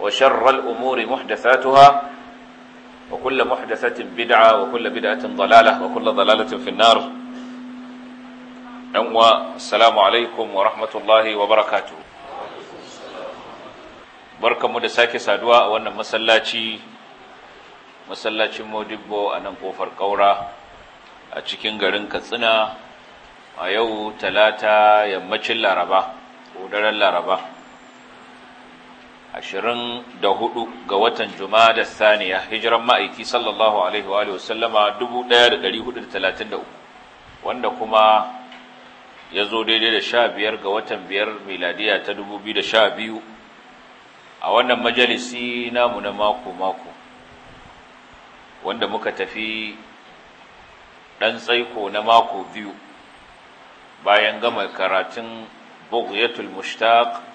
وشر الأمور محدثاتها وكل محدثة بدعة وكل بدعة ضلالة وكل ضلالة في النار أنوى السلام عليكم ورحمة الله وبركاته بركة مدساكي سادوا وأن مسلاتي مسلاتي مودبو أن نقوفر قورا أتشكين غرين كثنا a yau talata yammacin laraba ko daren laraba ashirin da hudu ga watan Jumada Saniya hijiran ma'aiki sallallahu alaihi wa sallama dubu ɗaya da ɗari hudu da talatin da uku wanda kuma ya zo daidai da sha biyar ga watan biyar miladiya ta dubu biyu da sha biyu a wannan majalisi namu na mako-mako wanda muka tafi ɗan tsaiko na mako biyu bayan gama karatun bughyatul mushtaq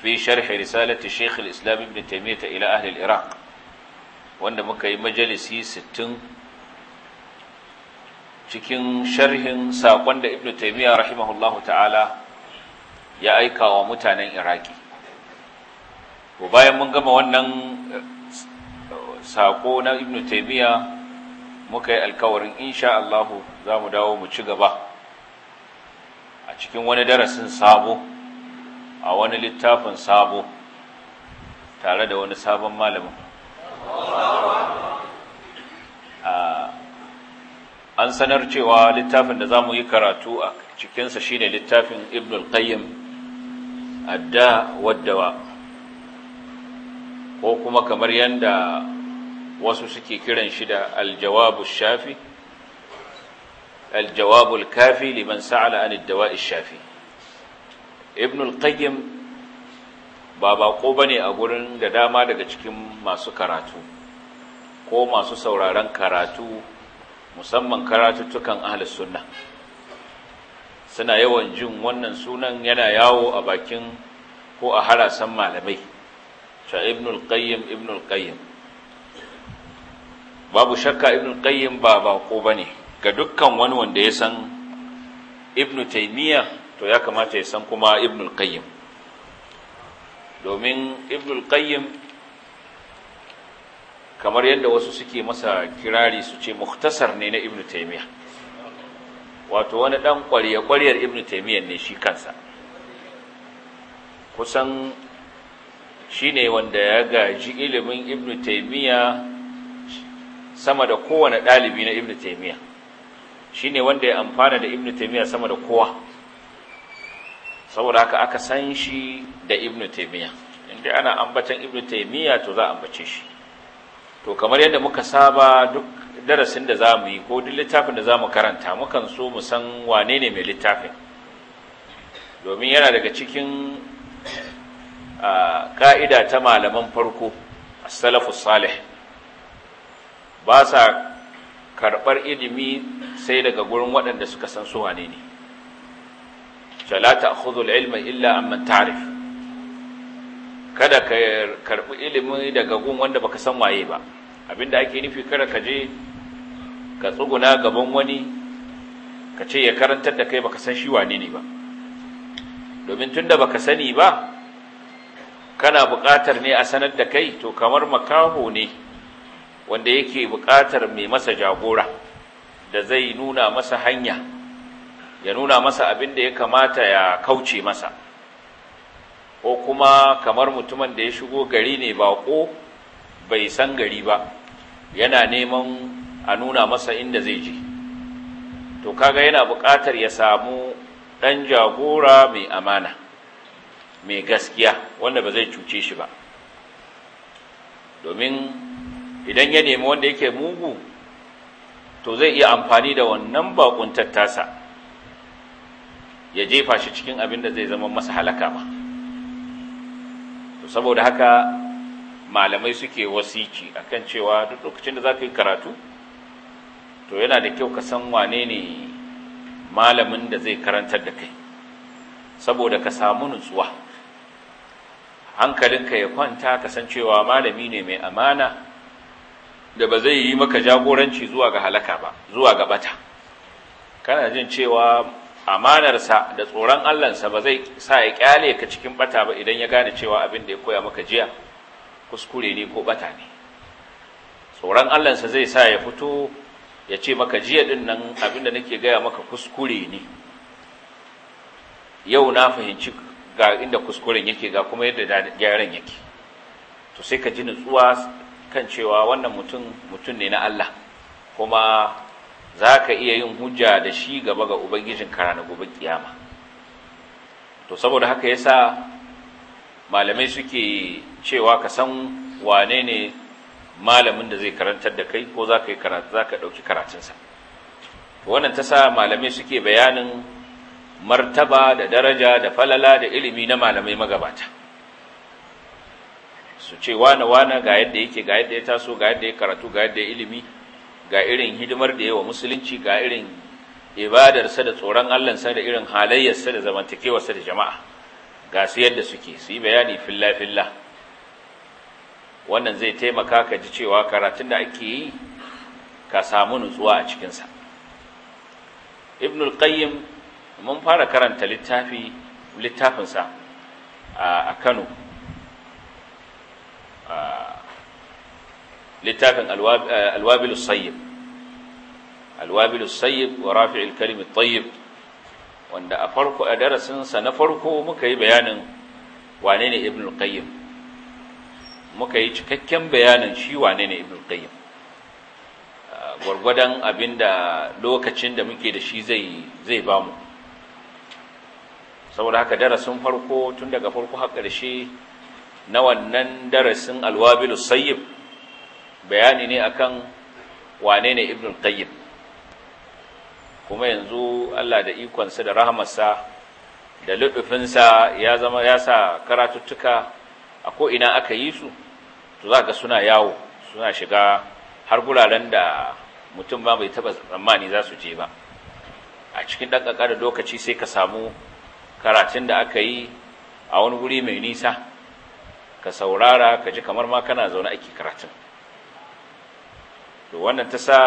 fi sharhi risalati Sheikh al-Islam Ibn Taymiyyah ila ahli al-Iraq wanda muka yi majalisi 60 cikin sharhin sakon da Ibn Taymiyyah rahimahullahu ta'ala ya aika wa mutanen Iraki ko bayan mun gama wannan sako na Ibn Taymiyyah muka yi alkawarin insha Allah za mu dawo mu ci gaba a cikin wani darasin sabo a wani littafin sabo tare da wani sabon malamin an sanar cewa littafin da za mu yi karatu a cikinsa shi ne littafin ibn al-qayyim adda waddawa ko kuma kamar yadda wasu suke kiran shi da aljawabu shafi aljawabu kafi liman sa'ala an dawa'i shafi ibn al-qayyim ba bako bane a gurin da dama daga cikin masu karatu ko masu sauraron karatu musamman karatuttukan ahlus sunna suna yawan jin wannan sunan yana yawo a bakin ko a harasan malamai cha ibn al-qayyim ibn al-qayyim babu shakka ibn al-qayyim ba bako bane ga dukkan wani wanda ya san ibn taymiyah to ya kamata ya san kuma ibnul qayyim domin ibnul qayyim kamar yadda wasu suke masa kirari su ce muhtasar ne na ibnu taymiya wato wani dan ƙwariya ƙwariyar ibnu taymiya ne shi kansa kusan shi ne wanda ya gaji ilimin ibn taimiyya sama da kowane ɗalibi na ibn taimiyya shi ne wanda ya amfana da ibn taimiyya sama da kowa saboda haka aka san shi da ibn taymiya inda ana ambatan ibn taymiya to za a ambace shi to kamar yadda muka saba duk darasin da za mu yi ko duk littafin da za mu karanta mukan so mu san wane ne mai littafin domin yana daga cikin ka'ida ta malaman farko as salafu salih ba sa karɓar ilimi sai daga gurin waɗanda suka san su wane ne la ta'khudhu al-ilma illa amman ta'rif kada ka karbi ilimi daga gun wanda baka san waye ba abinda ake nufi kada ka je ka tsuguna gaban wani ka ce ya karantar da kai baka san shi wane ne ba domin tunda baka sani ba kana buƙatar ne a sanar da kai to kamar makaho ne wanda yake buƙatar mai masa jagora da zai nuna masa hanya ya nuna masa abin da ya kamata ya kauce masa ko kuma kamar mutumin da ya shigo gari ne baƙo bai san gari ba yana neman a nuna masa inda zai je to kaga yana buƙatar ya samu ɗan jagora mai amana mai gaskiya wanda ba zai cuce shi ba domin idan ya nemi wanda yake mugu to zai iya amfani da wannan baƙun tattasa ya jefa shi cikin abin da zai zama masa halaka ba to saboda haka malamai suke wasiki akan cewa duk lokacin da za ka yi karatu to yana da kyau ka san wane ne malamin da zai karantar da kai saboda ka samu nutsuwa hankalinka ya kwanta ka san cewa malami ne mai amana da ba zai yi maka jagoranci zuwa ga halaka ba zuwa ga bata kana jin cewa amanarsa da tsoron Allahnsa ba zai sa ya kyale ka cikin bata ba idan ya gane cewa abin da ya koya maka jiya kuskure ne ko bata ne tsoron Allahnsa zai sa ya fito ya ce maka jiya din nan abin da nake gaya maka kuskure ne yau na fahimci ga inda kuskuren yake ga kuma yadda gyaran yake to sai ka ji nutsuwa kan cewa wannan mutum mutum ne na Allah kuma za ka iya yin hujja da shi gaba ga ubangijin kara gobe kiyama to saboda haka yasa malamai suke cewa ka san wane ne malamin da zai karantar da kai ko za ka yi karatu za ka ɗauki karatunsa wannan ta sa malamai suke bayanin martaba da daraja da falala da ilimi na malamai magabata su ce wane wane ga yadda yake ga yadda ya taso ga yadda ya karatu ga yadda ya ilimi ga irin hidimar da yawa musulunci ga irin ibadarsa da tsoron Allahnsa da irin halayyarsa da zamantakewarsa da jama'a ga su yadda suke su yi bayani filla filla wannan zai taimaka ka ji cewa karatun da ake yi ka samu nutsuwa a cikinsa ibnul qayyim mun fara karanta littafi littafinsa a kano littafin alwabil sayyib Alwabilus sayyib wa rafi'il kalim tayyib wanda a farko a darasin sa na farko muka yi bayanin wane ne ibn qayyim muka yi cikakken bayanin shi wane ne ibn al-qayyim gwargwadon abinda lokacin da muke da shi zai zai bamu saboda haka darasin farko tun daga farko har ƙarshe na wannan darasin alwabilus sayyib bayani ne akan wane ne ibn qayyim kuma yanzu Allah da ikonsa da rahamarsa da sa ya zama ya sa karatuttuka a ko'ina aka yi su to za suna yawo suna shiga har guraren da mutum ba bai taba tsammani za su je ba a cikin ɗan ƙaƙa da lokaci sai ka samu karatun da aka yi a wani guri mai nisa ka saurara ka ji kamar ma kana zaune ake karatun to wannan ta sa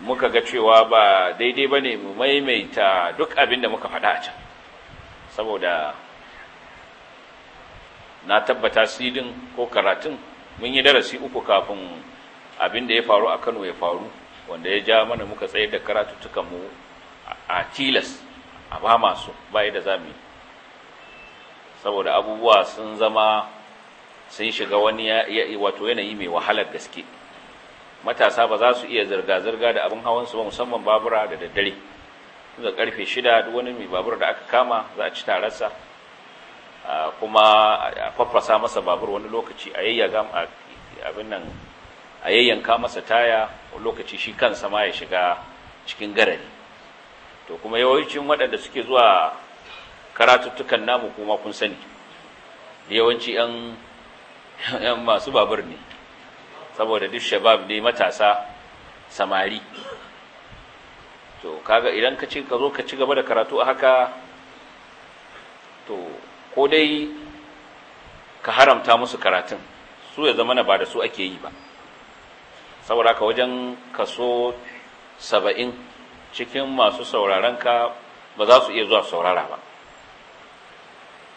muka ga cewa ba daidai ba ne mu maimaita duk abin da muka faɗa a can saboda na tabbata sidin ko karatun mun yi darasi uku kafin abin da ya faru a kano ya faru wanda ya ja mana muka tsayar da mu a tilas a ba masu bayi da zami saboda abubuwa sun zama sun shiga wani wato yanayi mai wahalar gaske matasa ba za su iya zirga-zirga da abin hawan su ba musamman babura da daddare da karfe shida duk wani mai babur da aka kama za a ci tararsa kuma a fafasa masa babur wani lokaci a yayyaga abin nan a yayyanka masa taya lokaci shi kansa ma ya shiga cikin garari to kuma yawancin waɗanda suke zuwa karatuttukan namu kuma kun sani yawanci 'yan masu babur ne saboda duk shabab ne matasa samari to kaga idan ka ci ka zo ka ci gaba da karatu a haka to ko dai ka haramta musu karatun su ya zama na ba da su ake yi ba saboda ka wajen kaso saba'in cikin masu sauraron ka ba za su iya zuwa saurara ba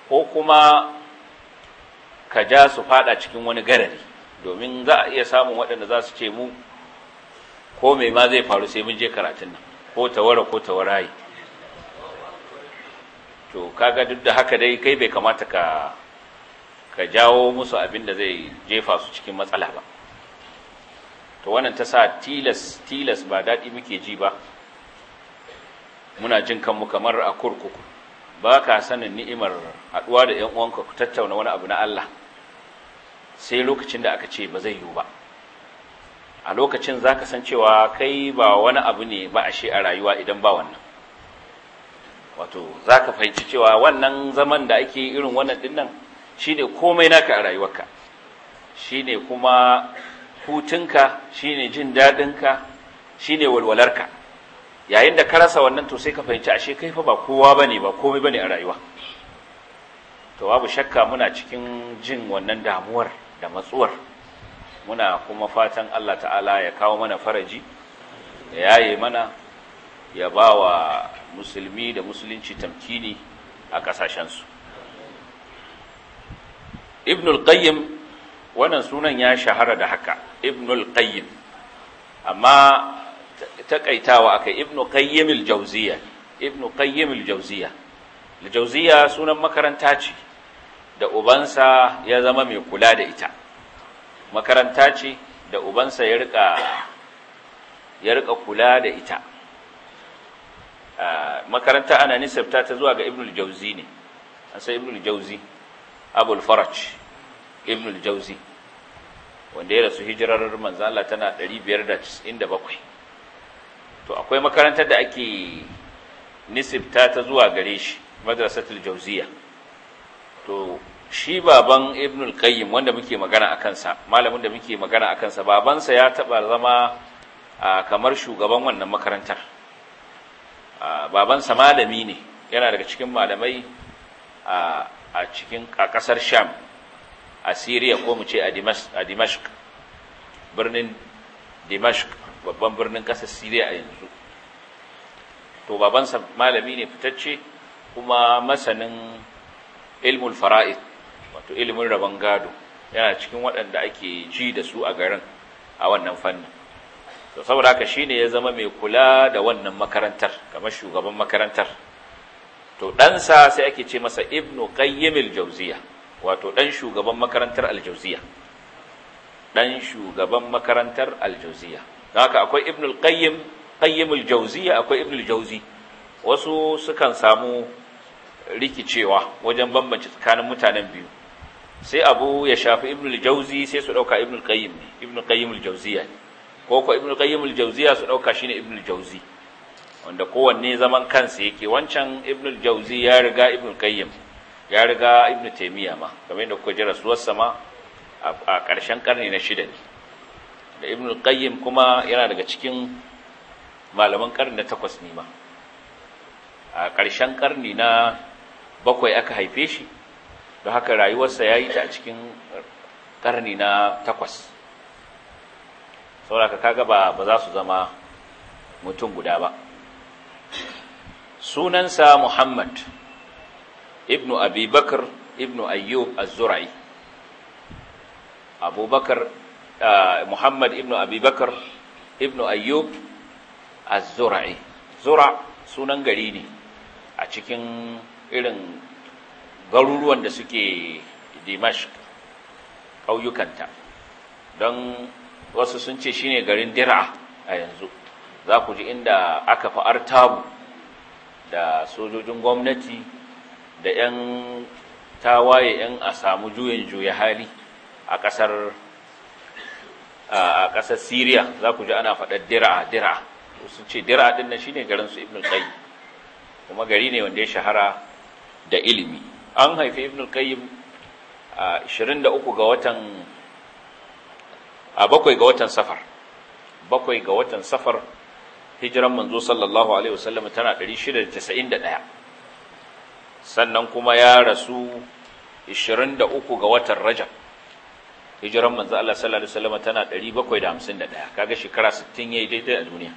ko kuma ka ja su fada cikin wani garari domin za a iya samun waɗanda za su ce mu ko mai ma zai faru sai mun je karatun nan ko tawara ko tawarayi to kaga duk da haka dai kai bai kamata ka ka jawo musu abin da zai jefa su cikin matsala ba to wannan ta sa tilas tilas ba daɗi muke ji ba muna jin kanmu kamar a kurkuku ba ka sanin ni'imar haɗuwa da 'yan uwanka ku tattauna wani abu na Allah sai lokacin da aka ce ba zai yiwu ba a lokacin za ka san cewa kai ba wani abu ne ba ashe a rayuwa idan ba wannan wato za ka fahimci cewa wannan zaman da ake irin wannan dinnan shi ne komai naka a rayuwarka shi ne kuma hutunka shi ne jin daɗinka shi ne walwalarka yayin da ka rasa wannan to sai ka fahimci ashe kai fa ba kowa ba ne ba komai ba ne a rayuwa to babu shakka muna cikin jin wannan damuwar da matsuwar muna kuma fatan Allah ta'ala ya kawo mana faraji ya yaye mana ya ba wa musulmi da musulunci tamkini a ƙasashensu ibnul qayyim wannan sunan ya shahara da haka ibnul qayyim amma takaitawa aka ibnu qayyim al-jawziya ibnu qayyim al al sunan makaranta ce da ubansa ya zama mai kula da ita makaranta ce da ubansa ya rika ya rika kula da ita makaranta ana nisabta ta zuwa ga ibnul jauzi ne an sai ibnul jauzi abul faraj ibnul jauzi wanda ya rasu hijirar manzo Allah tana 597 to akwai makarantar da ake nisabta ta zuwa gare shi madrasatul jauziya to shi baban ibnul qayyim wanda muke magana a kansa malamin da muke magana a kansa babansa ya taba zama kamar shugaban wannan makarantar babansa malami ne yana daga cikin malamai a cikin ƙasar sham a siriya ko mu ce a dimashq birnin dimashq babban birnin ƙasar siriya a yanzu to babansa malami ne fitacce kuma masanin ilmul fara'id wato ilimin rabon gado yana cikin waɗanda ake ji da su a garin a wannan fanni to saboda haka shine ya zama mai kula da wannan makarantar kamar shugaban makarantar to ɗansa sai ake ce masa ibnu qayyim Jauziya. wato ɗan shugaban makarantar al ɗan shugaban makarantar al don haka akwai ibnu al-qayyim qayyim qayyim akwai ibnu al wasu sukan samu rikicewa wajen bambance tsakanin mutanen biyu sai abu ya shafi ibn al-jauzi sai su dauka ibn al-qayyim ibn al-qayyim al-jauziya ko ko ibn al-qayyim al-jauziya su dauka shine ibn al-jauzi wanda kowanne zaman kansa yake wancan ibn al-jauzi ya riga ibn al-qayyim ya riga ibn taymiya ma kamar yadda kuka ji rasuwar sama a ƙarshen karni na shida ne da ibn al-qayyim kuma yana daga cikin malaman karni na takwas ne ma a ƙarshen karni na bakwai aka haife shi don haka rayuwarsa ya yi ta cikin ƙarni na takwas sauraka kaga ba ba za su zama mutum guda ba sunansa muhammad ibnu abubakar ibnu ayyub az-zura'i abubakar muhammad ibnu abubakar ibnu ayyub az-zura'i zura sunan gari ne a cikin irin garuruwan da suke dimashq ƙauyukanta don wasu sun ce shine garin dir'a a yanzu za ku ji inda aka fi artabu da sojojin gwamnati da 'yan tawaye 'yan a samu juyin juya hali a ƙasar a ƙasar siriya za ku ji ana faɗar dir'a dir'a sun ce dir'a ɗin nan shine su ibn qayyim kuma gari ne wanda ya shahara da ilimi an haifi ibn al-qayyim a 23 ga watan a bakwai ga watan safar bakwai ga watan safar hijiran manzo sallallahu alaihi wasallam tana 691 sannan kuma ya rasu 23 ga watan rajab hijiran manzo Allah sallallahu alaihi wasallam tana 751 kaga shekara 60 yayi daidai a duniya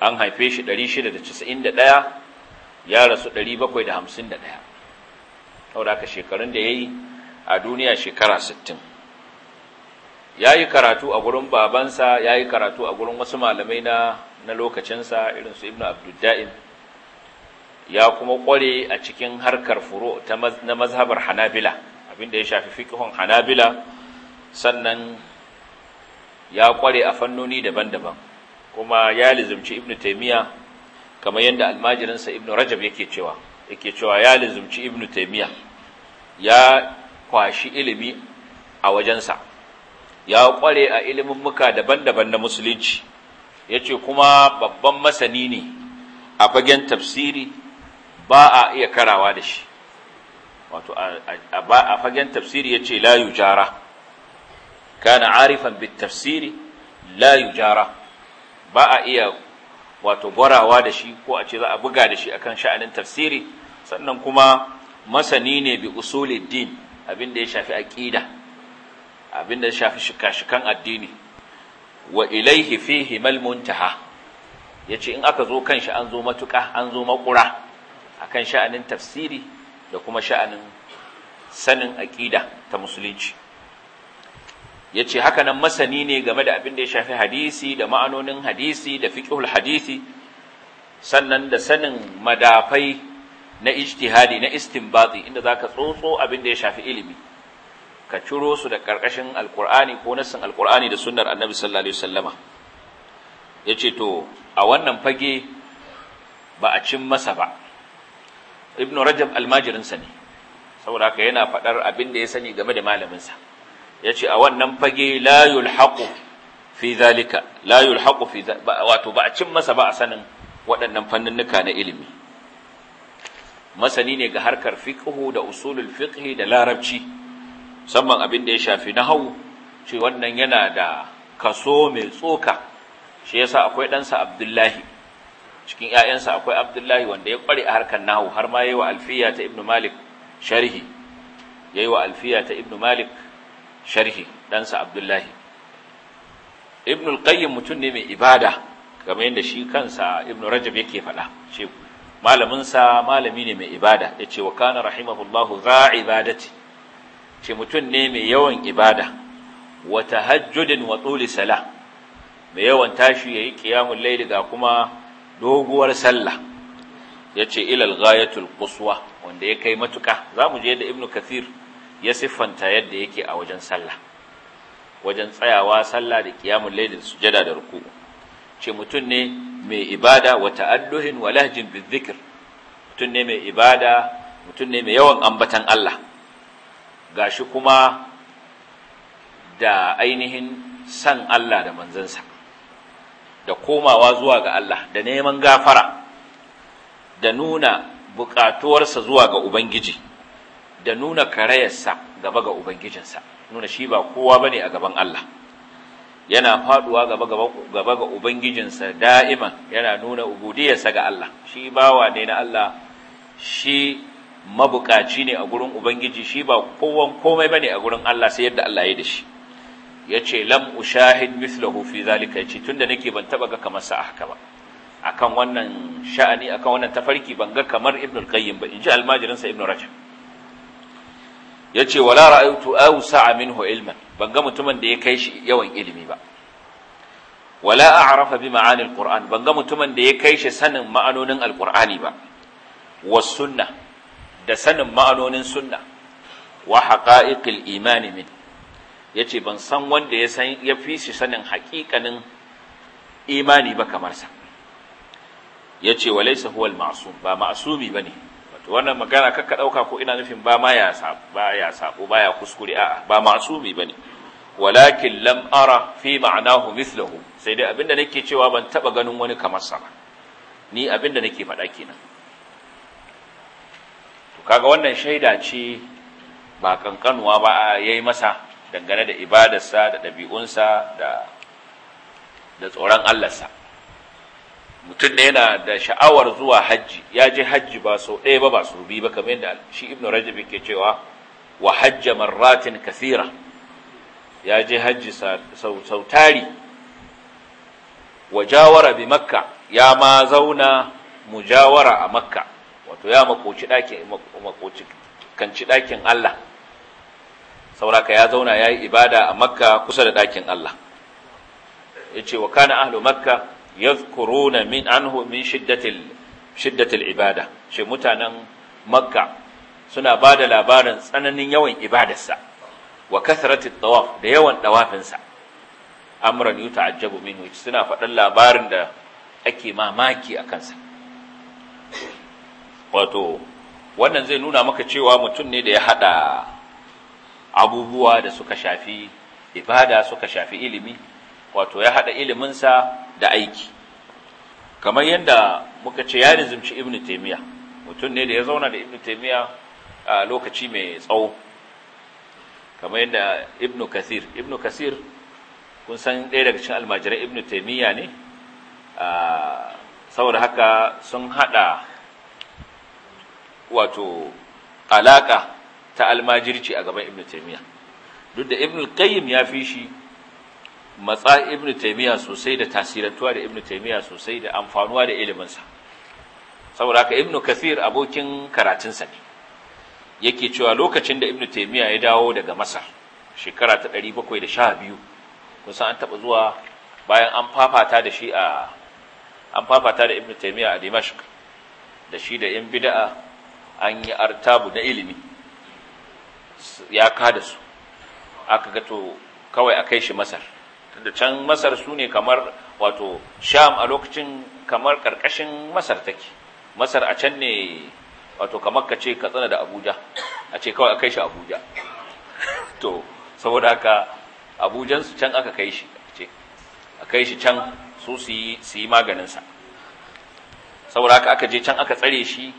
an haife shi 691 ya rasu 751 saboda haka shekarun da ya yi a duniya shekara 60 ya yi karatu a gurin babansa ya yi karatu a gurin wasu malamai na na lokacinsa irinsu ibn abdullahi ya kuma kware a cikin harkar furo na mazhabar hanabila abinda ya shafi fikihun hanabila sannan ya kware a fannoni daban-daban kuma ya lizumci ibn taimiyya kamar yadda almajirinsa ibnu rajab yake cewa yake cewa ya lizumci ibnu taimiyya ya kwashi ilimi a wajensa ya kware a ilimin muka daban-daban na musulunci ya ce kuma babban masani ne a fagen tafsiri ba a iya karawa da shi wato a fagen tafsiri ya ce layu jara kana arifan bit tafsiri layu jara ba a iya wato gwarawa da shi ko a ce za a buga da shi akan sha'anin tafsiri sannan kuma masani ne bi usuluddin abin da ya shafi aqida abin da ya shafi shikashikan addini wa ilaihi fihi mal muntaha yace in aka zo kan shi an zo matuka an zo makura akan sha'anin tafsiri da kuma sha'anin sanin aqida ta musulunci ya ce haka nan masani ne game da abin da ya shafi hadisi da ma'anonin hadisi da fiqhul hadisi sannan da sanin madafai na ijtihadi na istinbati inda zaka tsotso abin da ya shafi ilimi ka ciro su da karkashin alqur'ani ko nassin alqur'ani da sunnar annabi sallallahu alaihi wasallama yace to a wannan fage ba a cin masa ba ibnu rajab almajirinsa ne saboda haka yana faɗar abin da ya sani game da malaminsa sa Ya ce, a wannan fage la yulhaqu fi zalika la yulhaqu fi wato ba a cin masa ba a sanin waɗannan fanninnika na ilimi masani ne ga harkar fiqhu da usulul fiqhi da larabci musamman abin da ya shafi nahwu ce wannan yana da kaso mai tsoka shi yasa akwai ɗansa Abdullahi cikin ‘ya'yansa akwai Abdullahi wanda ya ƙware a harkar nahu har ma yi wa alfiya ta Ibn Malik sharhi, ya yi wa alfiya ta Ibn Malik sharhi ɗansa abdullahi ibnul qayyim mutum ne mai ibada kamar yadda shi kansa ibnu rajab yake faɗa ce malaminsa malami ne mai ibada ya ce wa kana rahimahullahu za ibadati ce mutum ne mai yawan ibada Wata hajjudin wa sala mai yawan tashi yayi ƙiyamun layli ga kuma doguwar sallah yace ilal gayatul quswa wanda ya kai matuka zamu je da ibnu kathir ya siffanta yadda yake a wajen sallah wajen tsayawa sallah da kiyamul layl sujada da ruku. ce mutun ne mai ibada wa ta'adduhin wa lahjin bizikr mutun ne mai ibada mutun ne mai yawan ambatan Allah gashi kuma da ainihin san Allah da manzansa da komawa zuwa ga Allah da neman gafara da nuna buƙatuwarsa zuwa ga Ubangiji da nuna karayarsa gaba ga ubangijinsa nuna shi ba kowa bane a gaban Allah yana faɗuwa gaba ga ubangijinsa da'iman yana nuna ubudiyarsa ga Allah shi bawa ne na Allah shi mabukaci ne a gurin ubangiji shi ba kowan komai bane a gurin Allah sai yadda Allah ya da shi yace lam ushahid mithluhu fi zalika yace tunda nake ban taba ga kamar sa haka ba akan wannan sha'ani akan wannan tafarki ban ga kamar ibn al-qayyim ba inji almajirin sa ibn rajab yace wala ra'aytu awsa'a minhu ilman ban ga mutumin da ya kai shi yawan ilimi ba wala a'rafa bi ma'ani alquran ban ga mutumin da ya kai shi sanin ma'anonin alqurani ba wa sunna da sanin ma'anonin sunna wa haqa'iqil imani min yace ban san wanda ya san ya fi shi sanin haƙiƙanin imani ba kamar sa yace walaysa huwal ma'sum ba ma'sumi bane wannan magana kakka ɗauka ko ina nufin ba ma ya sabo ba ya kuskure a'a ba masumi ba ne walakin lam'ara fi ma'anahu mislahu sai dai abinda nake cewa ban taɓa ganin wani kamar sa ba ni abinda nake faɗa kenan to kaga wannan shaida ce ba kankanuwa ba yayi masa dangane da ibadarsa da ɗabi'unsa da da tsoron Allah sa mutum ne yana da sha'awar zuwa hajji ya je hajji ba sau ɗaya ba ba sau biyu ba kamar yadda shi ibnu rajab yake cewa wa hajja marratin kathira ya je hajji sau tari wajawara bi makka ya ma zauna mujawara a makka wato ya makoci ɗakin makoci kanci ɗakin Allah sauraka ya zauna ya yi ibada a makka kusa da ɗakin Allah ya ce wa kana ahlu makka yadhkuruna min anhu min shiddatil shiddatil ibada shi mutanen makka suna ba da labarin tsananin yawan ibadarsa wa kasratit tawaf da yawan dawafinsa amran yuta'ajjabu minhu suna faɗan labarin da ake mamaki a kansa wato wannan zai nuna maka cewa mutum ne da ya haɗa abubuwa da suka shafi ibada suka shafi ilimi wato ya haɗa iliminsa da aiki kamar yadda muka ce ya nizimci ibn taimiya mutum ne da ya zauna da ibn taimiya a lokaci mai tsawo kamar yadda ibn kasir ibn kasir kun san ɗaya daga cikin almajirai ibn taimiya ne saboda haka sun haɗa wato alaƙa ta almajirci a gaban ibn taimiya duk da ibn qayyim ya fi shi matsa ibn taymiya sosai da tasirantuwa da ibn taymiya sosai da amfanuwa da iliminsa saboda haka ibn kathir abokin karatunsa ne yake cewa lokacin da ibn taymiya ya dawo daga masar shekara ta 712 kusan an taba zuwa bayan an fafata da shi a an fafata da ibn taymiya a dimashq da shi da yan bid'a an yi artabu na ilimi ya kada su aka ga to kawai a kai shi masar da can masar su ne kamar wato sham a lokacin kamar karkashin masar take masar a can ne wato kamar ka ce katsina da abuja a ce kawai a kai shi abuja to saboda haka abujansu can aka kai shi a kai shi can su su yi maganinsa saboda haka aka je can aka tsare shi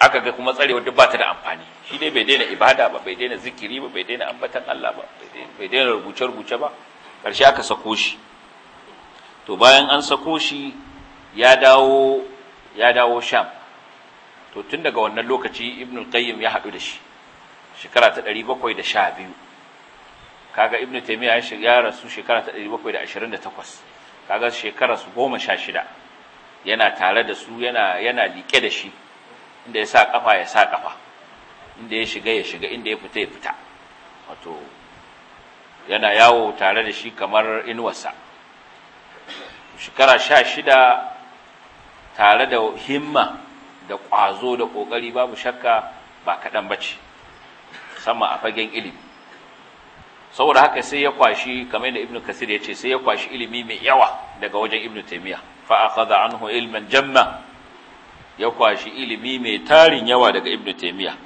aka ga kuma tsare wadda ba ta da amfani shi dai bai daina ibada ba bai daina zikiri ba bai daina ambatan Allah ba bai daina rubuce-rubuce ba ƙarshe aka sako shi to bayan an sako shi ya dawo ya dawo sham to tun daga wannan lokaci ibn qayyim ya haɗu da shi shekara ta 712 kaga ibn taymiya ya rasu shekara ta 728 kaga shekara su 16 yana tare da su yana yana liƙe da shi inda ya sa kafa ya sa kafa inda ya shiga ya shiga inda ya fita ya fita wato yana yawo tare da shi kamar inuwarsa shekara sha shida tare da himma da ƙwazo da ƙoƙari babu shakka ba kaɗan ba ce sama a fagen ilimi saboda haka sai ya kwashi kamar yadda ibnu kasir ya ce sai ya kwashi ilimi mai yawa daga wajen ibnu taimiyya fa akhadha anhu ilmin jamma ya kwashi ilimi mai tarin yawa daga ibnu taimiyya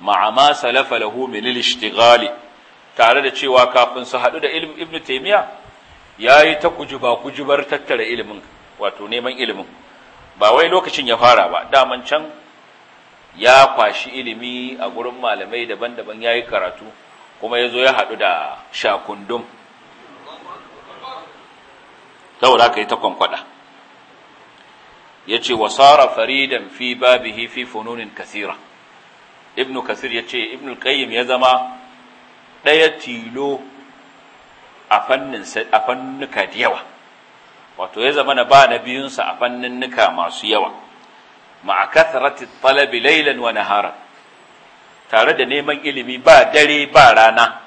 ma'a ma salafa lahu min al-ishtighali tare da cewa kafin su haɗu da ilimin ibn taimiyya ya yi ta kujiba kujibar tattara ilimin wato neman ilimin ba wai lokacin ya fara ba daman can ya kwashi ilimi a gurin malamai daban-daban ya yi karatu kuma ya zo ya haɗu da shakundum saboda ka yi ta kwankwada ya ce wa tsara faridan fi babihi fi fununin kasira ibn kasir ya ce ibn Kayyim ya zama ɗaya tilo a fannin fannuka da yawa wato ya zama na ba na biyunsa a fanninnika masu yawa ma'a kasarati talabi lailan wa nahara tare da neman ilimi ba dare ba rana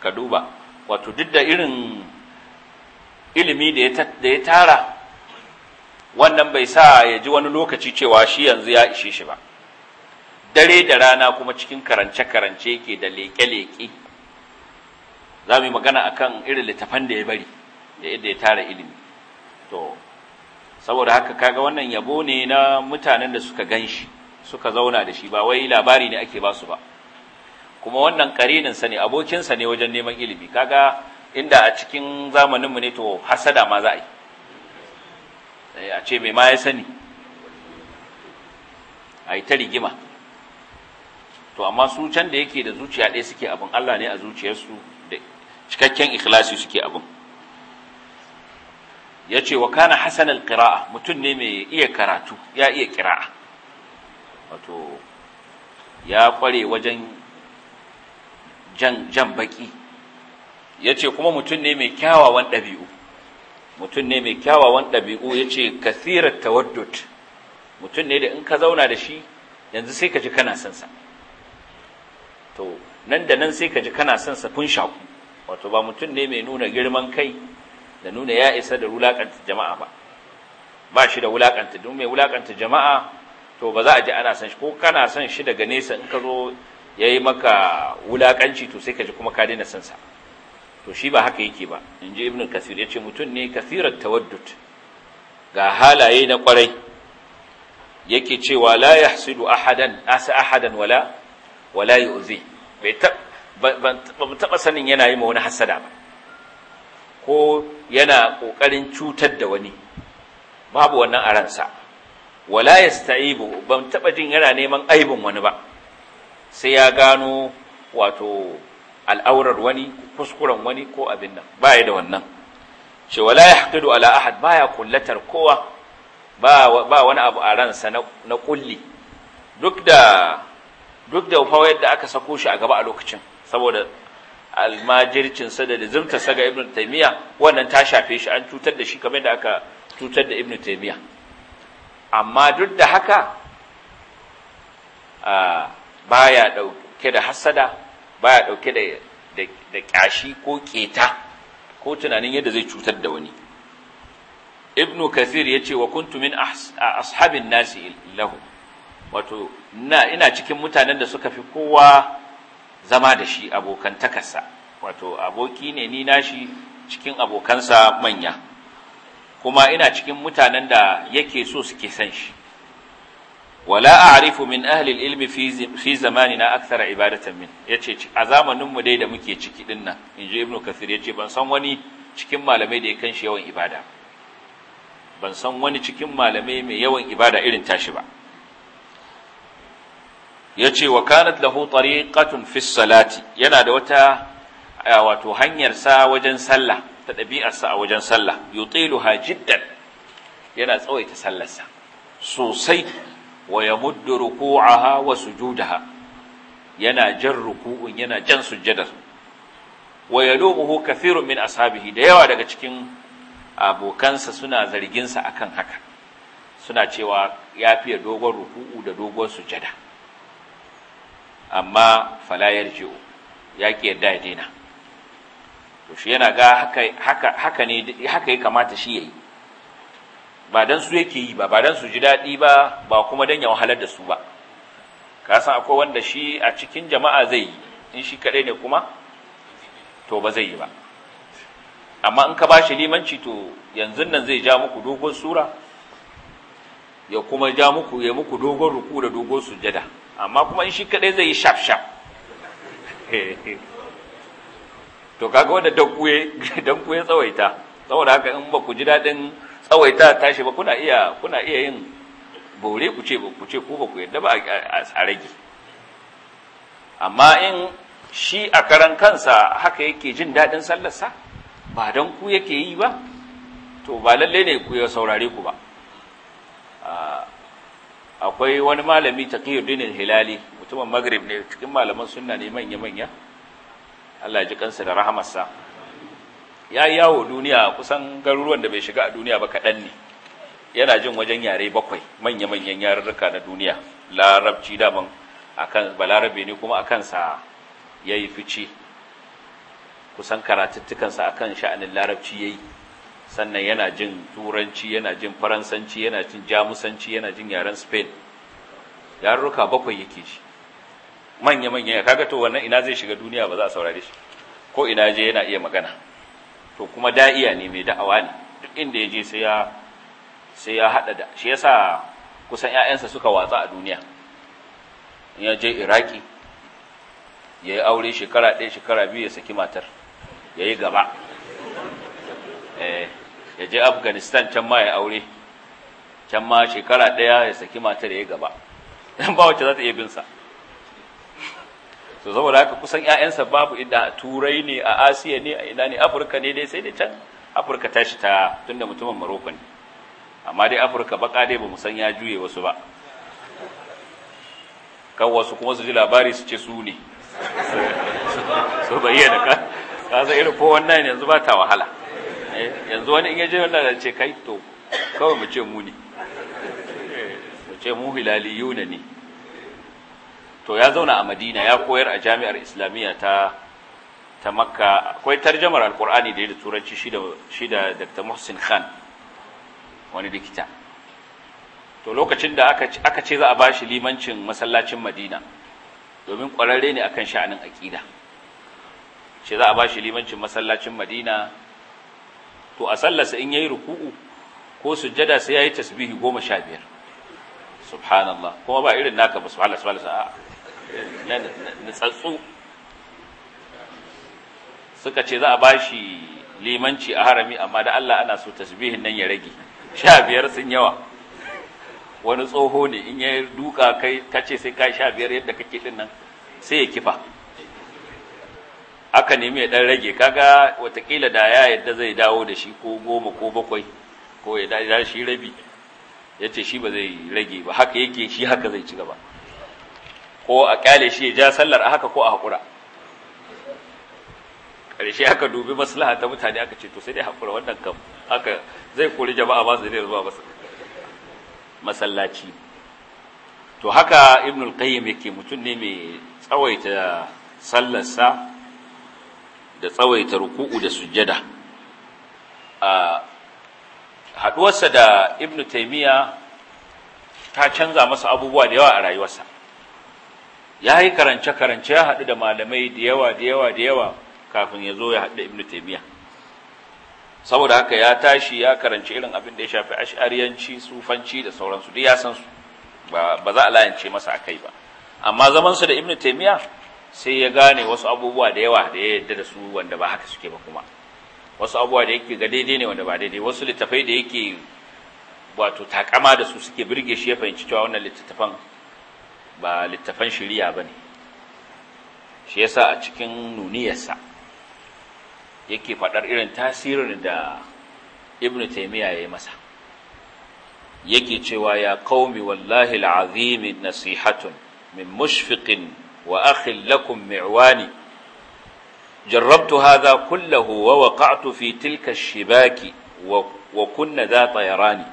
ka duba wato duk da irin ilimi da ya tara wannan bai sa ya ji wani lokaci cewa shi yanzu ya ishe shi ba dare da rana kuma cikin karance-karance yake da leƙe-leƙe za mu yi magana akan irin littafan da ya bari da yadda ya tara ilimi to saboda haka kaga wannan yabo ne na mutanen da suka ganshi suka zauna da shi ba wai labari ne ake basu ba kuma wannan karinin sa ne abokin ne wajen neman ilimi kaga inda a cikin zamanin mu ne to hasada ma za a yi eh, a ce mai ma ya sani a yi ta rigima to amma su can da yake da zuciya ɗaya suke abin Allah ne a zuciyarsu cikakken ikhlasi suke abin ya ce wa kana hasan alƙira'a mutum ne mai iya karatu ya iya ƙira'a wato ya ƙware wajen jan baƙi ya ce kuma mutum ne mai kyawawan ɗabi'u mutum ne mai kyawawan ɗabi'u ya ce kathirar tawaddud mutum ne da in ka zauna da shi yanzu sai ka ji kana sansa to nan da nan sai ka ji kana sansa kun shaku wato ba mutum ne mai nuna girman kai da nuna ya isa da wulakanta jama'a ba ba shi da wulakanta don mai wulakanta jama'a to ba za a ji ana san shi ko kana san shi daga nesa in ka zo ya yi maka wulakanci to sai ka ji kuma ka daina san sa to shi ba haka yake ba in ji ibn kasir ya ce mutum ne kasirar tawaddud ga halaye na kwarai yake cewa la yahsidu ahadan asa ahadan wala wala yu'zi bai ba mu taɓa sanin yana yi ma wani hasada ba ko yana ƙoƙarin cutar da wani babu wannan a ransa wala ya sta'ibu ba mu taɓa jin yana neman aibin wani ba sai ya gano wato al'aurar wani kuskuren wani ko abin nan ba ya da wannan shi wala ya haƙidu ala ahad ba ya kullatar kowa ba wani abu a ransa na ƙulli duk da duk da yadda aka sako shi a gaba a lokacin saboda almajircinsa da zimtarsa ga ibn taimiyya wannan ta shafe shi an cutar da shi kamar da aka cutar da ibn taimiyya amma duk da haka baya dauke da hasada baya dauke da da kyashi ko keta ko tunanin yadda zai cutar da wani Ibnu kathir yace wa kuntu min ashabin nasi lahu wato ina cikin mutanen da suka fi kowa zama da shi abokantakarsa wato aboki ne ni nashi cikin abokansa manya kuma ina cikin mutanen da yake so suke san shi wala a'rifu min ahli ilmi fi zamanina akthar ibadatan min yace a zamanin mu dai da muke ciki din nan inji ibnu kathir yace ban san wani cikin malamai da ya kanshi yawan ibada ban san wani cikin malamai mai yawan ibada irin tashi ba yace wa kanat lahu tariqatun fi salati yana da wata wato hanyar sa wajen sallah ta ɗabi'ar sa a wajen sallah yutiluha jiddan yana tsawaita sallarsa sosai wa yamuddu ruku'aha wa sujudaha yana jan ruku'un yana jan sujjadar wa yalumuhu kathirun min ashabihi da yawa daga cikin abokansa suna zarginsa akan haka suna cewa ya fiye dogon ruku'u da dogon sujada amma falayar ji'o ya ki yadda ya daina to shi yana ga haka ne haka ya kamata shi ya yi ba don su yake yi ba ba don su ji daɗi ba ba kuma don ya wahalar da su ba ka san akwai wanda shi a cikin jama'a zai yi in shi kaɗai ne kuma to ba zai yi ba amma in ka ba shi limanci to yanzu nan zai ja muku dogon sura ya kuma ja muku ya muku dogon ruku da dogon sujada amma kuma in shi kaɗai zai yi shaf shaf to kaga wanda dankuye dankuye tsawaita saboda haka in ba ku ji daɗin tsawaita tashi ba kuna iya kuna iya yin bore ku ce ku ce ko ba ku yadda ba a rage amma in shi a karan kansa haka yake jin daɗin sallarsa ba dan ku yake yi ba to ba lalle ne ku ya saurare ku ba ah, akwai wani malami taqiyuddin hilali mutumin magrib ne cikin malaman sunna ne manya manya Allah ji kansa da rahamarsa ya yawo duniya kusan garuruwan da bai shiga a duniya ba kaɗan ne yana jin wajen yare bakwai manya manyan yarurruka na duniya larabci daban akan balarabe ne kuma akan sa yayi fice, kusan karatuttukansa akan sha'anin larabci yayi sannan yana jin turanci yana jin faransanci yana jin jamusanci yana jin yaren spain yarurruka bakwai yake shi manya-manya ya kaga to wannan ina zai shiga duniya ba za a saurare shi ko ina je yana iya magana to kuma da'iya ne mai da'awa ne duk inda ya je sai ya sai ya hada da shi yasa kusan ƴaƴansa suka watsa a duniya in ya je iraki ya yi aure shekara ɗaya shekara biyu ya saki matar ya yi gaba eh ya je afghanistan can ma ya aure can ma shekara daya ya saki da ya gaba dan ba wacce za ta iya bin sa to saboda haka kusan ƴaƴansa babu inda turai ne a asiya ne a ina ne afirka ne dai sai dai can afirka shi ta tunda mutumin maroko ne amma dai afirka baka dai ba san ya juye wasu ba kan wasu kuma su ji labari su ce su ne su bayyana ka ka irin ko wannan yanzu ba ta wahala yanzu wani in yaje wannan da ce kai to kawai mu ce mu ne eh, mu ce mu yuna ne to ya zauna a Madina ya koyar a jami'ar Islamiyya ta ta Makka akwai tarjamar Alkur'ani da ya turanci shi da shi da Dr. Muhsin Khan wani likita to lokacin da aka aka ce za a bashi limancin masallacin Madina domin kwararre ne akan sha'anin aqida ce za a bashi limancin masallacin Madina to a sallarsa in yayi ruku'u ko sujjada sai yayi tasbihi goma sha biyar subhanallah kuma ba irin naka ba subhanallah subhanallah na tsatsu suka ce za a bashi limanci a harami amma da Allah ana so tasbihin nan ya rage sha biyar sun yawa wani tsoho ne in ya duka kai kace sai ka sha biyar yadda kake din nan sai ya kifa aka nemi ya dan rage kaga watakila da ya yadda zai dawo da shi ko goma ko bakwai ko ya da shi rabi ya ce shi ba zai rage ba haka yake shi haka zai ci gaba ko a kyale shi ya ja sallar a haka ko a haƙura ƙarshe aka dubi maslaha ta mutane aka ce to sai dai haƙura wannan kam haka zai kori jama'a ba su zai zuwa masallaci to haka ibnul qayyim yake mutum ne mai tsawaita sallarsa da tsawaita ruku'u da sujjada a haduwarsa da ibn taymiya ta canza masa abubuwa da yawa a rayuwarsa ya yi karance karance ya hadu da malamai da yawa da yawa da yawa kafin ya zo ya hadu da ibn taymiya saboda haka ya tashi ya karance irin abin da ya shafi ash'ariyanci sufanci da sauransu duk ya san su ba za a layance masa akai ba amma zamansa da ibn taymiya sai ya gane wasu abubuwa da yawa da ya yadda da su wanda ba haka suke ba kuma wasu abubuwa da yake ga daidai ne wanda ba daidai wasu littafai da yake wato takama da su suke birge shi ya fahimci cewa wannan littattafan ba littafan shiriya ba ne shi ya sa a cikin nuniyarsa yake faɗar irin tasirin da Ibn taimiyya ya yi masa yake cewa ya qaumi wallahi al'azim nasihatun min mushfiqin وأخ لكم معواني جربت هذا كله ووقعت في تلك الشباك وكن ذا طيران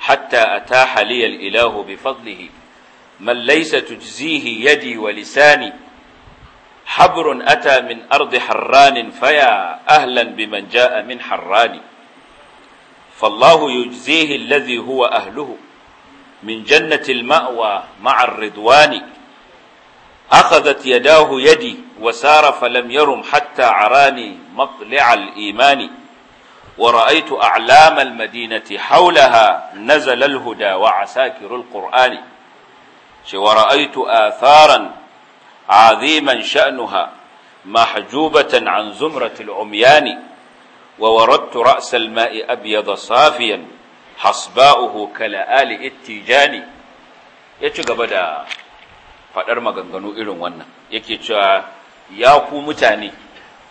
حتى أتاح لي الإله بفضله من ليس تجزيه يدي ولساني حبر أتى من أرض حران فيا أهلا بمن جاء من حران فالله يجزيه الذي هو أهله من جنة المأوى مع الرضوان أخذت يداه يدي وسار فلم يرم حتى عراني مطلع الإيمان ورأيت أعلام المدينة حولها نزل الهدى وعساكر القرآن ورأيت آثارا عظيما شأنها محجوبة عن زمرة العميان ووردت رأس الماء أبيض صافيا حصباؤه كلآل التيجان يتقبل faɗar maganganu irin wannan yake cewa ya ku mutane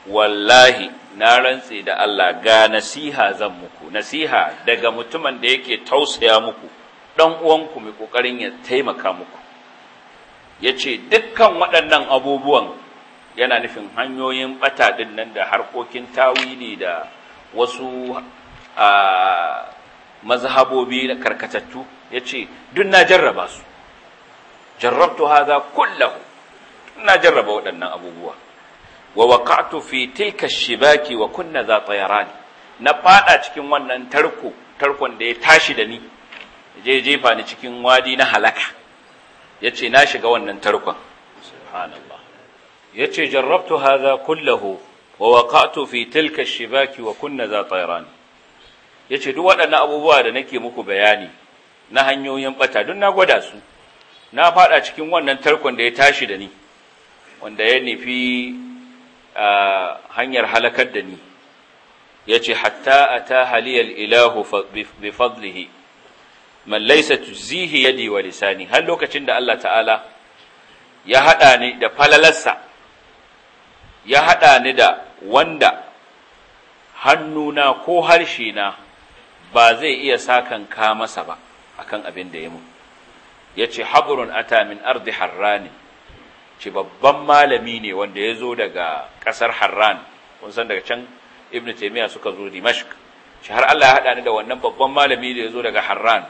wallahi na rantse da Allah ga nasiha zan muku nasiha daga mutumin da yake tausaya muku dan uwanku mai kokarin ya taimaka muku yace dukkan waɗannan abubuwan yana nufin hanyoyin bata din nan da harkokin tawili da wasu mazhabobi da karkatattu yace duk na jarraba su jarrabtu hadha kullahu ina jarraba waɗannan abubuwa wa waqa'tu fi tilka shibaki wa kunna za tayarani na fada cikin wannan tarko tarkon da ya tashi da ni je jefa ni cikin wadi na halaka yace na shiga wannan tarkon subhanallah yace jarrabtu hadha kullahu wa waqa'tu fi tilka shibaki wa kunna za tayarani yace duk waɗannan abubuwa da nake muku bayani na hanyoyin bata duk na gwada su na fada cikin wannan tarkon da ya tashi da ni wanda ya nufi hanyar halakar da ni ya ce hatta a ta haliyar ilahu bi fadlihi man laisa tuzihi yadi wa lisani har lokacin da Allah ta'ala ya hada ni da falalarsa ya hada ni da wanda hannuna ko harshe na ba zai iya sakan kanka masa ba akan abin da ya mutu ya ce haburun atamin ardi harrani ce babban malami ne wanda ya zo daga ƙasar harran kun san daga can ibn taimiyya suka zo dimashq shi har Allah ya haɗa ni da wannan babban malami da ya zo daga harran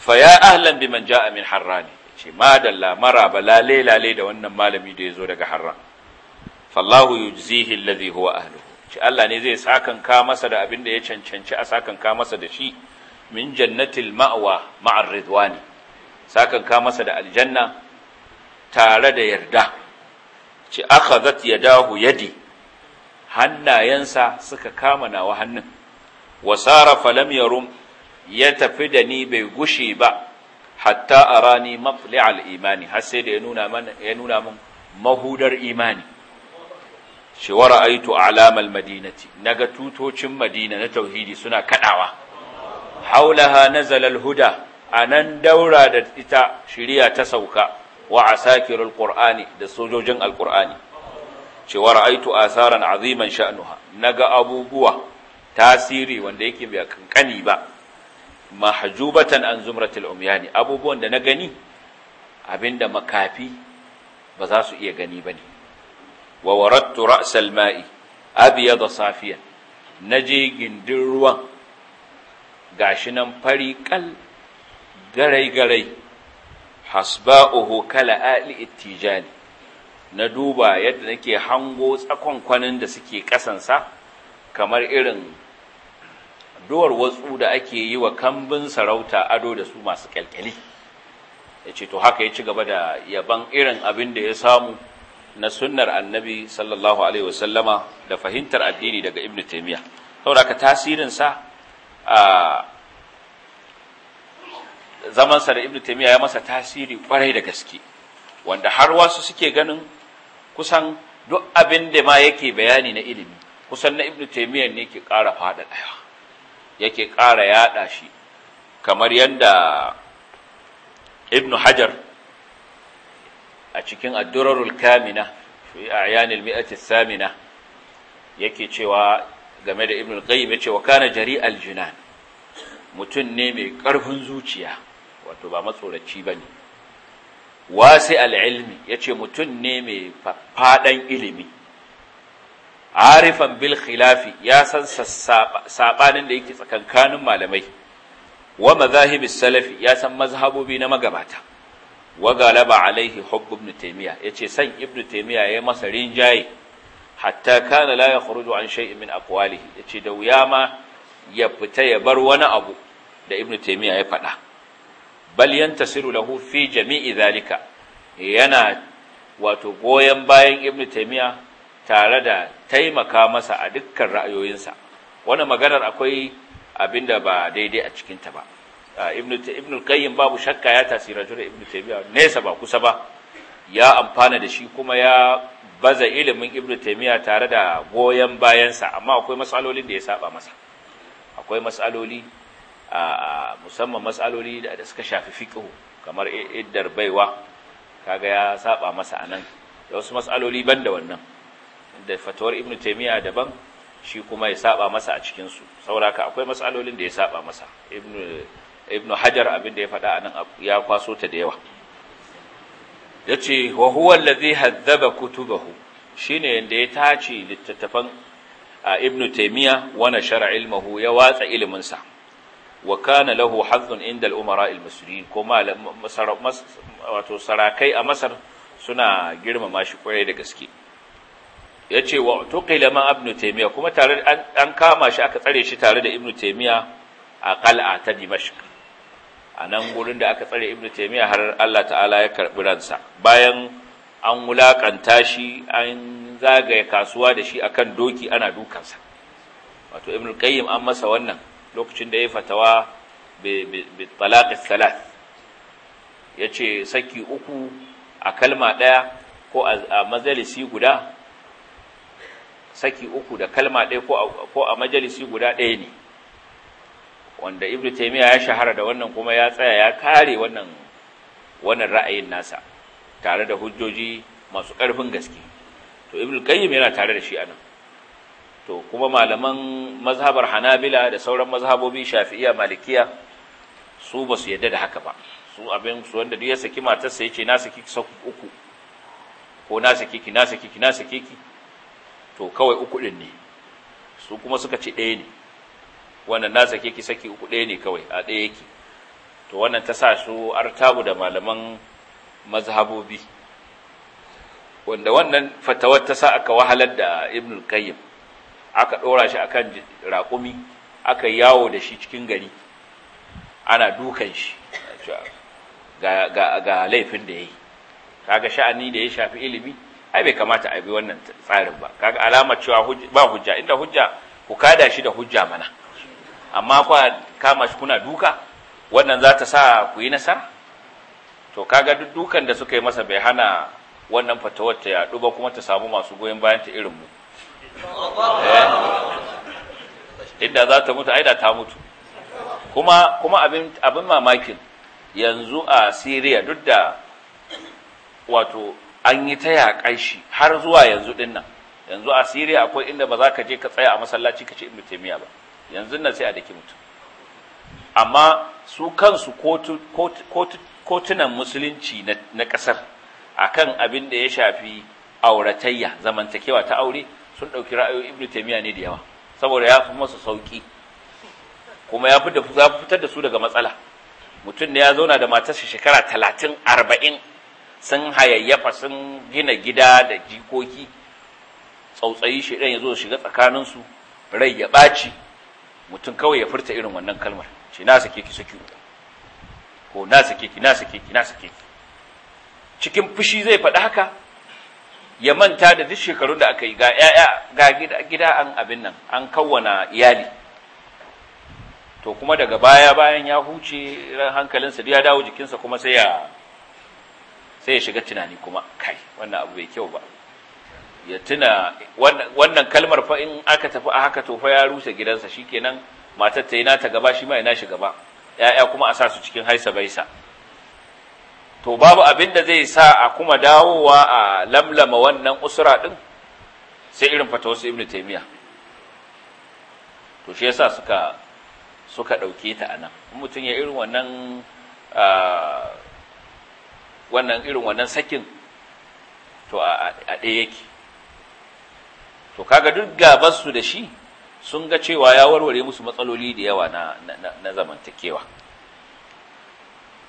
fa ya ahlan biman ja'a min harrani ce madalla maraba lale lale da wannan malami da ya zo daga harran fallahu yujzihi alladhi huwa ahluhu ce Allah ne zai ka masa da abin da ya cancanci a ka masa da shi min jannatil ma'wa ma'ar ridwani sakan ka masa da aljanna tare da yarda ce ya dahu yadi hannayensa suka kama nawa hannun wasara falam yarum ya tafi da ni bai gushe ba hatta a rani mafli'al imani har sai da ya nuna min mahudar imani shi wa a alamal madinati naga tutocin madina na tauhidi suna kadawa haulaha na al-huda a nan daura da ita shiriya ta sauka wa sakirar Kur'ani da sojojin alqur'ani cewa aitu asaran aziman sha'nuha ga abubuwa tasiri wanda yake bai kankani ba mahjubatan an zumratil umyani abubuwan da na gani abinda makafi ba za su iya gani ne. wa waradtu ra'sal ma'i abyad safiyan naje gindin ruwan gashi nan fari kal garai-garai hasba'uhu kala ali ittijani na duba yadda nake hango tsakon kwanin da suke kasansa kamar irin duwar watsu da ake yi wa kambin sarauta ado da su masu kyalkyali ya ce to haka ya ci gaba da yaban irin abin da ya samu na sunnar annabi sallallahu alaihi wasallama da fahimtar addini daga ibn taimiyya saboda ka tasirinsa a zamansa da ibnu taymiya ya masa tasiri kwarai da gaske wanda har wasu suke ganin kusan duk abin da ma yake bayani na ilimi kusan na ibnu taymiya ne yake ƙara fada daya yake ƙara yaɗa shi kamar yadda ibnu hajar a cikin ad kamina fi a'yanil mi'ati yake cewa game da ibnu qayyim yace wa kana al jinan mutum ne mai ƙarfin zuciya wato ba matsoraci ba ne wasi al'ilmi ya ce mutum ne mai faɗan ilimi arifan bil khilafi ya san saɓanin da yake tsakankanin malamai wa mazahibis salafi ya san mazhabobi na magabata wa galaba alaihi hubb ibn taymiya yace san ibn taymiya yayi masa rinjaye hatta kana la yakhruju an shay'in min aqwalihi yace da wuya ma ya fita ya bar wani abu da ibn taymiya ya faɗa bal yantasiru lahu fi jami'i zalika yana wato goyon bayan ibnu taymiya tare da taimaka masa a dukkan ra'ayoyinsa wannan maganar akwai abinda ba daidai a cikin ta ba ibnu ibnu qayyim babu shakka ya tasira jure ibnu taymiya nesa ba kusa ba ya amfana da shi kuma ya baza ilimin ibnu taymiya tare da goyon bayansa amma akwai matsalolin da ya saba masa akwai matsaloli musamman matsaloli da suka shafi fiqhu kamar iddar baiwa kaga ya saba masa anan da wasu matsaloli banda wannan da fatawar ibnu taymiya daban shi kuma ya saba masa a cikin su sauraka akwai matsalolin da ya saba masa ibnu hajar abin da ya faɗa anan ya kwaso ta da yawa yace wa huwa allazi hazzaba kutubahu shine yanda ya tace littattafan a ibnu taymiya wani shara ilmuhu ya watsa iliminsa wa kana lahu hazzun inda al-umara al-misriyin kuma wato sarakai a Masar suna girmama shi kwarai da gaske yace wa tuqila ma ibn taymiya kuma tare an kama shi aka tsare shi tare da ibn taymiya a qal'a ta dimashq anan gurin da aka tsare ibn taymiya har Allah ta'ala ya karbi ransa bayan an wulakanta shi an zagaye kasuwa da shi akan doki ana dukansa wato ibn qayyim an masa wannan lokacin da ya fatawa bi talaq thalath yace saki uku a kalma daya ko a majalisi guda saki uku da kalma ɗaya ko a majalisi guda ɗaya ne wanda ibnu taymiya ya shahara da wannan kuma ya tsaya ya kare wannan wannan ra'ayin nasa tare da hujjoji masu ƙarfin gaske to ibnu qayyim yana tare da shi anan to kuma malaman mazhabar hanabila da sauran mazhabobi shafi'iyya malikiya su ba su yadda da haka ba su abin su wanda duk ya saki matarsa ya ce na saki ki uku ko na saki ki na saki ki na saki ki to kawai uku din ne su kuma suka ce ɗaya ne wannan na saki ki saki uku ɗaya ne kawai a ɗaya yake to wannan ta sa su artabu da malaman mazhabobi wanda wannan fatawar ta sa aka wahalar da ibnul qayyim aka ɗora shi akan raƙumi aka yawo da shi cikin gari ana dukan shi ga laifin da ya yi kaga sha'ani da ya shafi ilimi ai bai kamata a bi wannan tsarin ba kaga alamar cewa ba hujja inda hujja ku kada shi da hujja mana amma kwa kama shi kuna duka wannan za ta sa ku yi nasara to kaga duk dukan da suka yi masa bai hana wannan fatawar ta yaɗu ba kuma ta samu masu goyon bayan ta irin mu Eh? inda za ta mutu aida ta mutu kuma abin mamakin yanzu a Syria duk da wato an yi ta yaƙan shi har zuwa yanzu din nan yanzu a Syria akwai inda ba za ka je ka tsaya a masallaci ka ce Ibn Taymiyyah ba yanzu nan sai a daki mutum amma su kansu kotunan musulunci na ƙasar akan abin da ya shafi auratayya zamantakewa ta aure sun ɗauki ra'ayoyi ibnu taymiya ne da yawa saboda ya fi masa sauki kuma ya fi da fitar da su daga matsala mutum ne ya zauna da matarsa shekara talatin arba'in sun hayayyafa sun gina gida da jikoki tsautsayi shi ɗan ya zo shiga tsakaninsu rai ya ɓaci mutum kawai ya furta irin wannan kalmar ce na sake ki saki uku ko na sake ki na sake ki na sake ki cikin fushi zai faɗi haka ya manta da duk shekarun da aka yi ga yaya ga gida an abin nan an kawwana iyali to kuma daga baya bayan ya huce ran hankalinsa ya dawo jikinsa kuma sai ya sai ya shiga tunani kuma kai wannan abu bai kyau ba ya tuna wannan kalmar fa in aka tafi a haka to fa ya rusa gidansa shikenan matar ta yi nata gaba shi ma ina shi gaba ya'ya kuma a sa su cikin haisa baisa to babu abin da zai sa a kuma dawowa a lamlama wannan usra din sai irin fata wasu ibnu to shi yasa suka suka dauke ta anan mutum ya irin wannan wannan irin wannan sakin to a ɗaya yake to kaga duk gabansu da shi sun ga cewa ya warware musu matsaloli da yawa na zamantakewa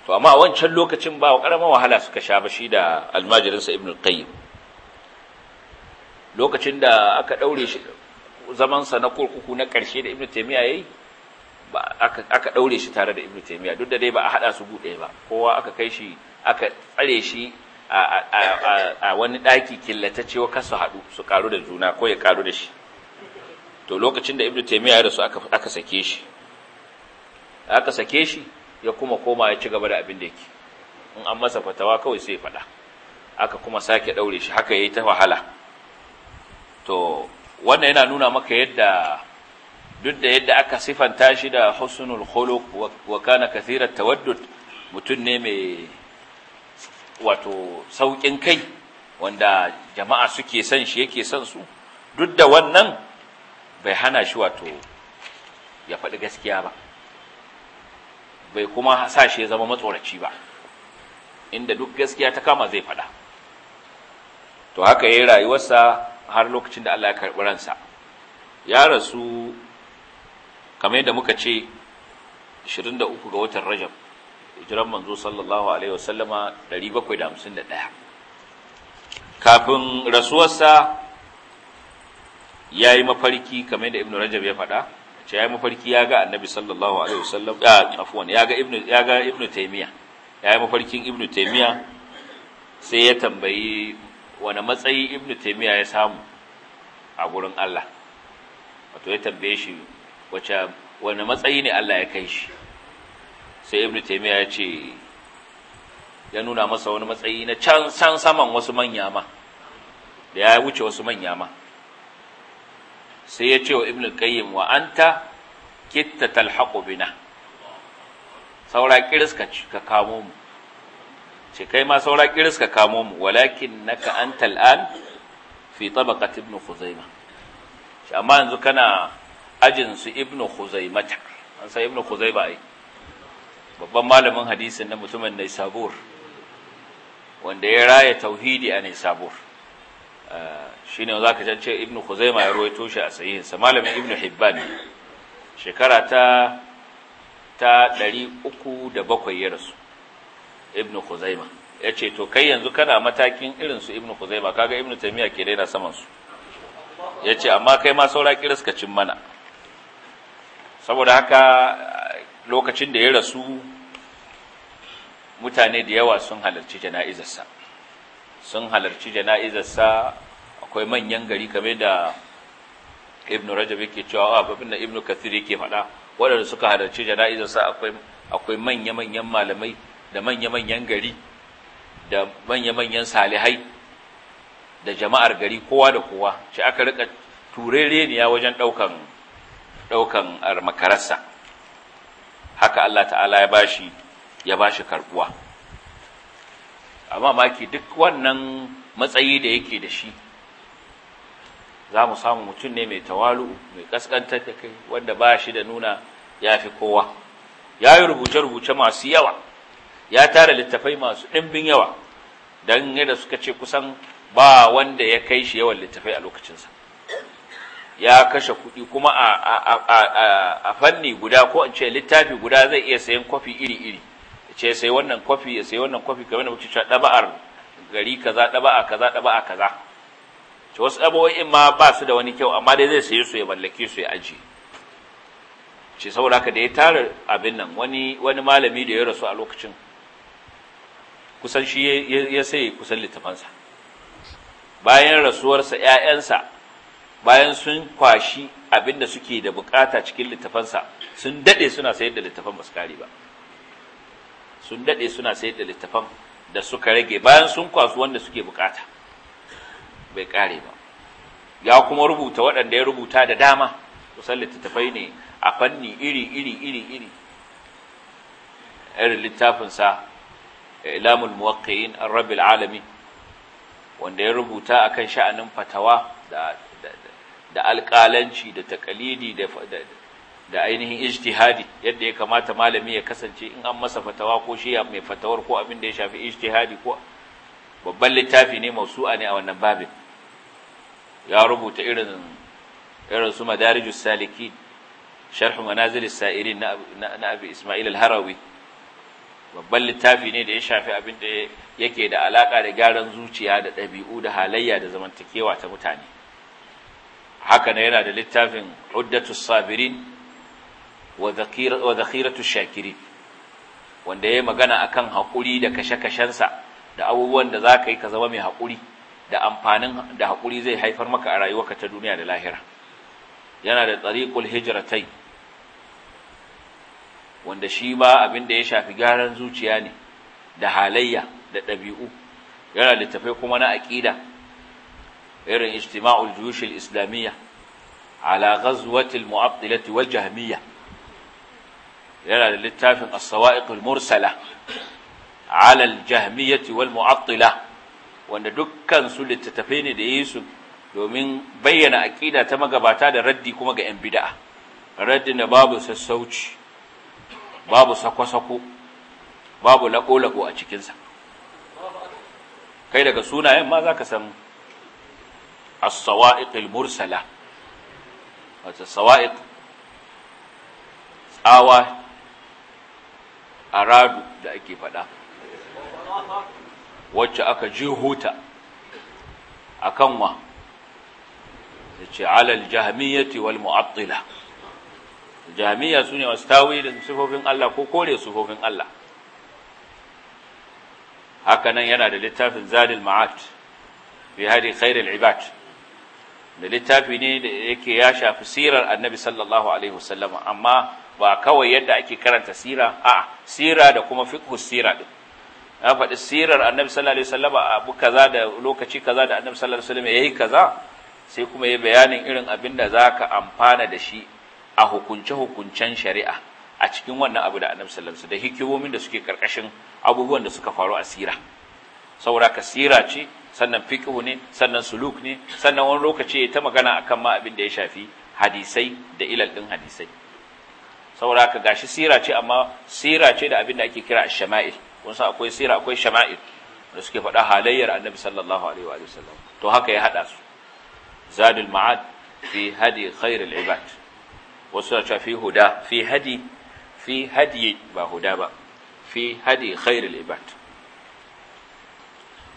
to amma wancan lokacin ba wa ƙaramin wahala suka sha ba shi da almajirinsa ibn qayyim lokacin da aka daure shi zamansa na kurkuku na ƙarshe da ibn taymiya yayi ba aka aka daure shi tare da ibn taymiya duk da dai ba a hada su buɗe ba kowa aka kai shi aka tsare shi a wani daki killatacce wa kasu haɗu su karu da juna ko ya karu da shi to lokacin da ibn taymiya ya rasu aka aka sake shi aka sake shi ya kuma koma ya ci gaba da abin da yake in an masa fatawa kawai sai faɗa aka kuma sake ɗaure shi haka ya yi ta wahala to wannan yana nuna maka yadda duk da yadda aka sifanta shi da husnul khuluq wa kana kathira tawaddud mutun ne mai wato saukin kai wanda jama'a suke son shi yake son su duk da wannan bai hana shi wato ya faɗi gaskiya ba bai kuma sa shi ya zama matsoraci ba inda duk gaskiya ta kama zai faɗa to haka yayi rayuwarsa har lokacin da Allah ya karɓi ransa ya rasu kamar yadda muka ce 23 ga watan Rajab hijiran manzo sallallahu alaihi wasallama 751 kafin rasuwarsa ya yi mafarki kamar yadda Ibn Rajab ya faɗa ce ya yi mafarki ya ga annabi sallallahu alaihi wasallam ya afwan ya ga ibnu ya ga ibnu taymiya ya yi mafarkin ibnu taymiya sai ya tambayi wani matsayi ibnu taymiya ya samu a gurin Allah wato ya tambaye shi wace wani matsayi ne Allah ya kai shi sai ibnu taymiya ya ce ya nuna masa wani matsayi na can san saman wasu manya ma da ya wuce wasu manya ma sai ya ce wa ibn qayyim wa anta kitta talhaqu bina saura kiris ka kamo mu ce kai ma saura kiris ka kamo mu walakin naka anta al'an fi tabaqat ibn khuzaimah shi amma yanzu kana ajin su ibn khuzaimah an sai ibn khuzaimah ai babban malamin hadisin na mutumin Naisabur wanda ya raya tauhidi a Naisabur eh, shine za ka cance ibn khuzaima ya ruwaito shi a sa malamin ibn hibban shekara ta ta 307 ya rasu ibn khuzaima ya to kai yanzu kana matakin irin su ibn khuzaima kaga ibn taymiya ke daina saman su yace amma kai ma saura kiraskacin mana saboda haka lokacin da ya rasu mutane da yawa sun halarci jana'izarsa sun halarci jana'izarsa akwai manyan gari kamar da ibnu rajab yake cewa babin ah, da ibnu kathir yake faɗa waɗanda suka halarci sa akwai akwai manya-manyan malamai da manya-manyan gari da manya-manyan salihai da jama'ar gari kowa da kowa shi aka rika turereniya wajen daukan ɗaukan makararsa haka Allah ta'ala ya bashi ya bashi karbuwa amma maki duk wannan matsayi da yake da shi za mu samu mutum ne mai tawalu mai kaskantar da kai wanda ba shi da nuna ya fi kowa ya yi rubuce-rubuce masu yawa ya tara littafai masu ɗimbin yawa don yadda suka ce kusan ba wanda ya kai shi yawan littafai a lokacinsa ya kashe kuɗi kuma a fanni guda ko in ce littafi guda zai iya sayan kwafi iri-iri ya ce sai wannan kwafi ya sai wannan kwafi kamar da muke ɗaba'ar gari kaza ɗaba'a kaza ɗaba'a kaza to wasu ɗabo'in ma ba su da wani kyau amma dai zai sayi su ya mallake su ya aji ce saboda haka da ya tara abin nan wani wani malami da ya rasu a lokacin kusan shi ya sai kusan littafansa bayan rasuwarsa ‘ya'yansa bayan sun kwashi abin da suke da bukata cikin littafansa sun daɗe suna sayar da littafan ba su kare ba sun daɗe suna sayar da littafan da suka rage bayan sun kwasu wanda suke bukata bai kare ba ya kuma rubuta waɗanda ya rubuta da dama kusan littattafai ne a fanni iri iri iri iri irin littafinsa ilamul eh, muwaqqi'in ar-rabbil wanda ya rubuta akan sha'anin fatawa da da alƙalanci da takalidi da da ainihin ijtihadi yadda ya kamata malami ya kasance in an masa fatawa ko shi mai fatawar ko abin da ya shafi ijtihadi ko babban littafi ne mausu'a ne a wannan babin ya rubuta irin irin su madarijus salikin sharh manazilis sa'irin na abi isma'il al-harawi babban littafi ne da ya shafi abin da yake da alaka da gyaran zuciya da ɗabi'u da halayya da zamantakewa ta mutane haka ne yana da littafin uddatus sabirin wa dhakhiratu shakirin wanda yayi magana akan hakuri da kashe-kashensa da abubuwan da za ka yi ka zama mai haƙuri da amfanin da haƙuri zai haifar maka a rayuwarka ta duniya da lahira yana da tsariƙul hijiratai wanda shi ma abin da ya shafi gyaran zuciya ne da halayya da ɗabi'u yana littafai kuma na aƙida irin ijtima'ul juyushil islamiyya ala ghazwatil mu'abdilati, wal jahmiyya yana da littafin as-sawa'iqul mursala ala al-jahmiyyati wal mu'attila wanda dukkan su littattafai ne da Yesu domin bayyana aqida ta magabata da raddi kuma ga 'yan bid'a raddi na babu sassauci babu sako-sako babu lako-lako a cikinsa kai daga sunayen ma za ka san as-sawa'iqil mursala wata sawa'iq tsawa aradu da ake faɗa wacce aka jihuta akan wa yace alal jahmiyyati wal mu'attila jahmiya sune wasu tawilin sifofin Allah ko kore sifofin Allah haka nan yana da littafin zadil ma'at fi hadi khairul ibad da littafi ne da yake ya shafi sirar annabi sallallahu alaihi wasallam amma ba kawai yadda ake karanta sira a'a sira da kuma fiqh sira din ya faɗi sirar annabi sallallahu alaihi wasallam abu kaza da lokaci kaza da annabi sallallahu alaihi wasallam yayi kaza sai kuma yayi bayanin irin abin da zaka amfana da shi a hukunce hukuncen shari'a a cikin wannan abu da annabi sallallahu alaihi wasallam da hikimomin da suke karkashin abubuwan da suka faru a sira saboda ka sira ce sannan fiqhu ne sannan suluk ne sannan wani lokaci ta magana akan ma abin da ya shafi hadisai da ilal din hadisai saboda ka gashi sira ce amma sira ce da abin da ake kira ash-shama'il kun san akwai sira akwai shama'il da suke faɗa halayyar annabi sallallahu alaihi wa sallam to haka ya haɗa su zadul ma'ad fi hadi khairul ibad wasu na fi huda fi hadi fi hadi ba huda ba fi hadi khairul ibad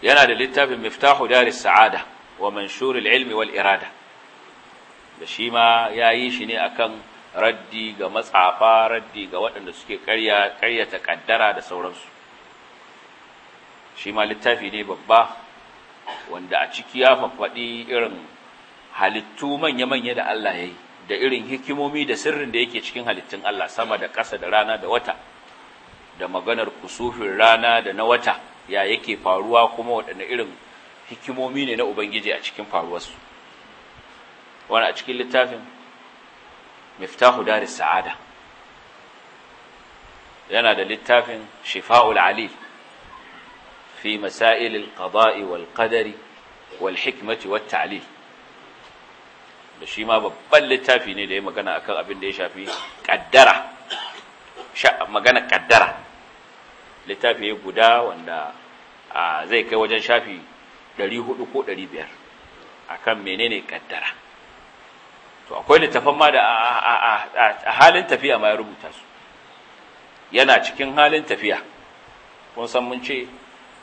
yana da littafin miftahu daris sa'ada wa manshurul ilmi wal irada da shi ma ya yi shi ne akan raddi ga matsafa raddi ga waɗanda suke ƙarya ƙaryata ƙaddara da sauransu shi ma littafi ne babba wanda a ciki ya faɗi irin halittu manya-manya da Allah ya yi da irin hikimomi da sirrin da yake cikin halittun Allah sama da ƙasa da rana da wata da maganar kusufin rana da na wata ya yake faruwa kuma waɗanne irin hikimomi ne na Ubangiji a cikin faruwarsu wani a cikin littafin miftahu daris sa'ada yana da littafin shifa'ul alil fi masail al-qada'i wal da shi ma babban littafi ne da ya magana kan abin da ya shafi kaddara magana kaddara littafi ya guda wanda zai kai wajen shafi 400 ko 500 kan menene kaddara to akwai littafan ma da a halin tafiya ma ya rubuta su yana cikin halin tafiya kun san mun ce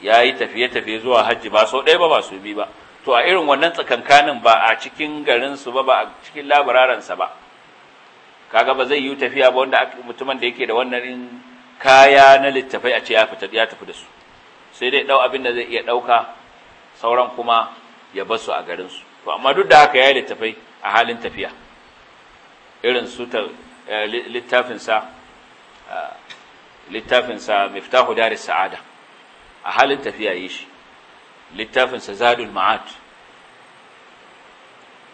ya yi tafiye-tafiye zuwa hajji ba sau ɗaya ba ba su bi ba to a irin wannan tsakankanin ba a cikin garinsu ba ba a cikin labararansa ba kaga ba zai yi tafiya ba wanda mutumin da yake da wannan kaya na littafai a ce ya fita ya tafi da su sai dai dau abin da zai iya ɗauka sauran kuma ya bar su a garin su to amma duk da haka ya littafai a halin tafiya irin su ta eh, littafin sa ah, miftahu daris sa'ada a halin tafiya yi shi littafinsa zadul ma'at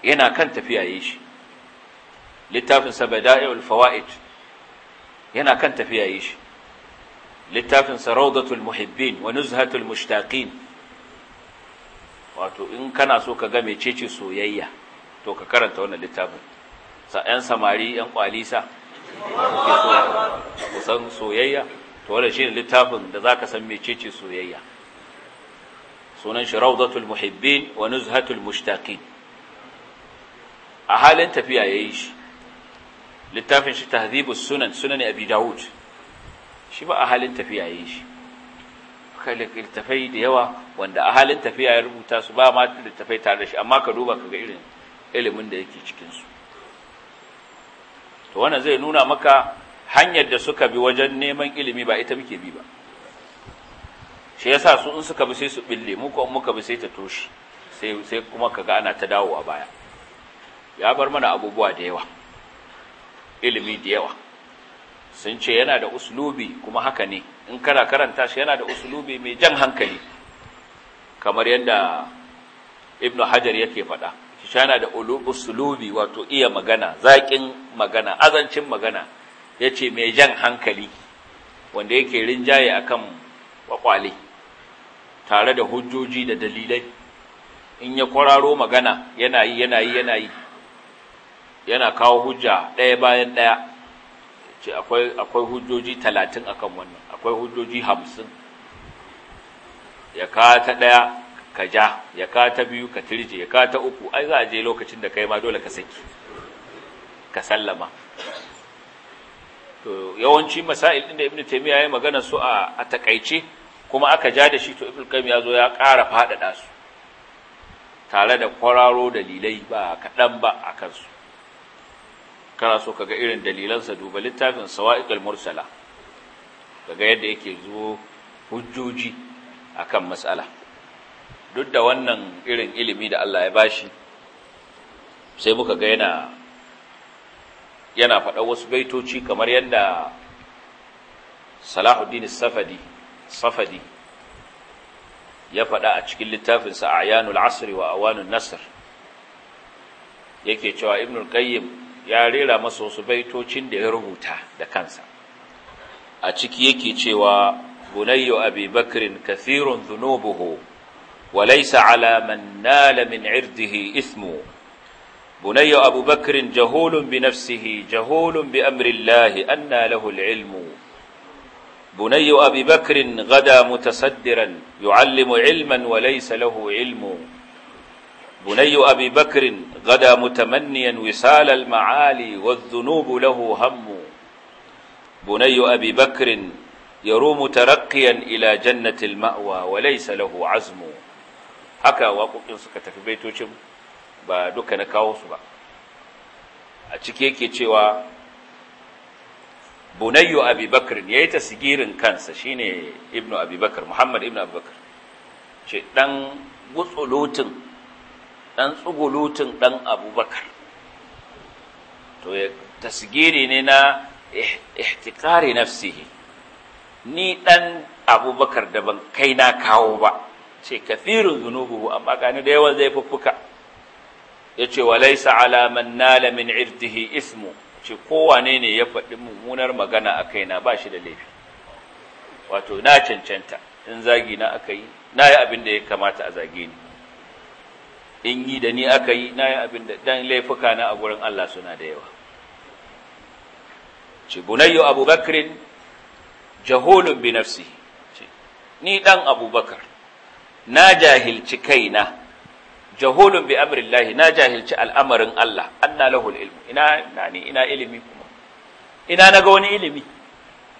yana kan tafiya yi shi littafinsa bada'i'ul fawaid yana kan tafiya yi shi littafinsa rawdatul muhibbin wa nuzhatul mushtaqin wato in kana so ka ga mecece soyayya to ka karanta wannan littafin sa 'yan samari 'yan kwalisa kusan soyayya to shi ne littafin da za ka san mecece soyayya sunan shi rawdatul muhibbin wa nuzhatul mushtaqin a halin tafiya yayi shi littafin shi tahdhibus sunan sunan abi daud shi ba a halin tafiya yayi shi kalli littafai da yawa wanda a halin tafiya ya rubuta su ba ma littafai tare da shi amma ka duba ka ga irin ilimin da yake cikin su to wannan zai nuna maka hanyar da suka bi wajen neman ilimi ba ita muke bi ba shi yasa su in suka bi sai su bille mu ko muka bi sai ta toshi sai sai kuma kaga ana ta dawowa baya ya bar mana abubuwa da yawa ilimi da yawa sun ce yana da uslubi kuma haka ne in kana karanta shi yana da uslubi mai jan hankali kamar yadda ibnu hajar yake faɗa shi yana da uslubi wato iya magana zaƙin magana azancin magana ya ce mai jan hankali wanda yake rinjaye a kan kwakwale tare da hujjoji da dalilai in ya kwararo magana yana yi yana yi yana yi yana kawo hujja ɗaya bayan ɗaya ce akwai hujjoji talatin a kan wannan akwai hujjoji hamsin ya ka ta ɗaya ka ja ya ka ta biyu ka tirje ya ka ta uku ai za a je lokacin da kai ma dole ka saki ka sallama to yawanci masail din da ibnu taymiya ya magana su a takaice kuma aka ja da shi to ibnu qayyim ya zo ya ƙara faɗaɗa su tare da kwararo dalilai ba kaɗan ba a kansu kana so kaga irin dalilansa duba littafin sawa'iqul mursala kaga yadda yake zuwo hujjoji akan mas'ala duk da wannan irin ilimi da Allah ya bashi sai muka ga yana yana faɗa wasu baitoci kamar yadda Salahuddin Safadi Safadi ya faɗa a cikin littafinsa Ayanul Asri wa Awanun Nasr yake cewa Ibn al-Qayyim ya rera masa wasu baitocin da ya rubuta da kansa a ciki yake cewa Bunayyo Abi Bakr kathirun dhunubuhu wa laysa ala man nala min irdihi ismu بني أبو بكر جهول بنفسه جهول بأمر الله أنى له العلم بني أبي بكر غدا متصدرا يعلم علما وليس له علم بني أبي بكر غدا متمنيا وسال المعالي والذنوب له هم بني أبي بكر يروم ترقيا إلى جنة المأوى وليس له عزم هكا وقوقين سكتك بيتوشم ba duka na kawo su ba a cike yake cewa bunayyu abubakar ya yi tasgirin kansa shine ibnu abubakar muhammad ibnu abubakar ce ɗan gutsulutin ɗan tsugulutin ɗan abubakar to ya tasgiri ne na eh, ihtikari nafsihi ni ɗan abubakar da ban kai na kawo ba ce kafirin zunubu amma gani da yawan zai fuffuka yace walaysa ala man nala min irdihi ismu ce kowane ne ya faɗi mummunar magana a kaina ba shi da laifi wato na cancanta in zagi na aka yi na yi abin da ya kamata a zage ni in yi da ni aka yi na yi abin da dan laifuka na a gurin Allah suna da yawa ce bunayyo abubakrin jahulun bi nafsi ni dan abubakar na jahilci kaina jahulun bi amrillahi na jahilci al'amarin Allah anna lahul ilmu ina nani ina ilimi kuma ina naga wani ilimi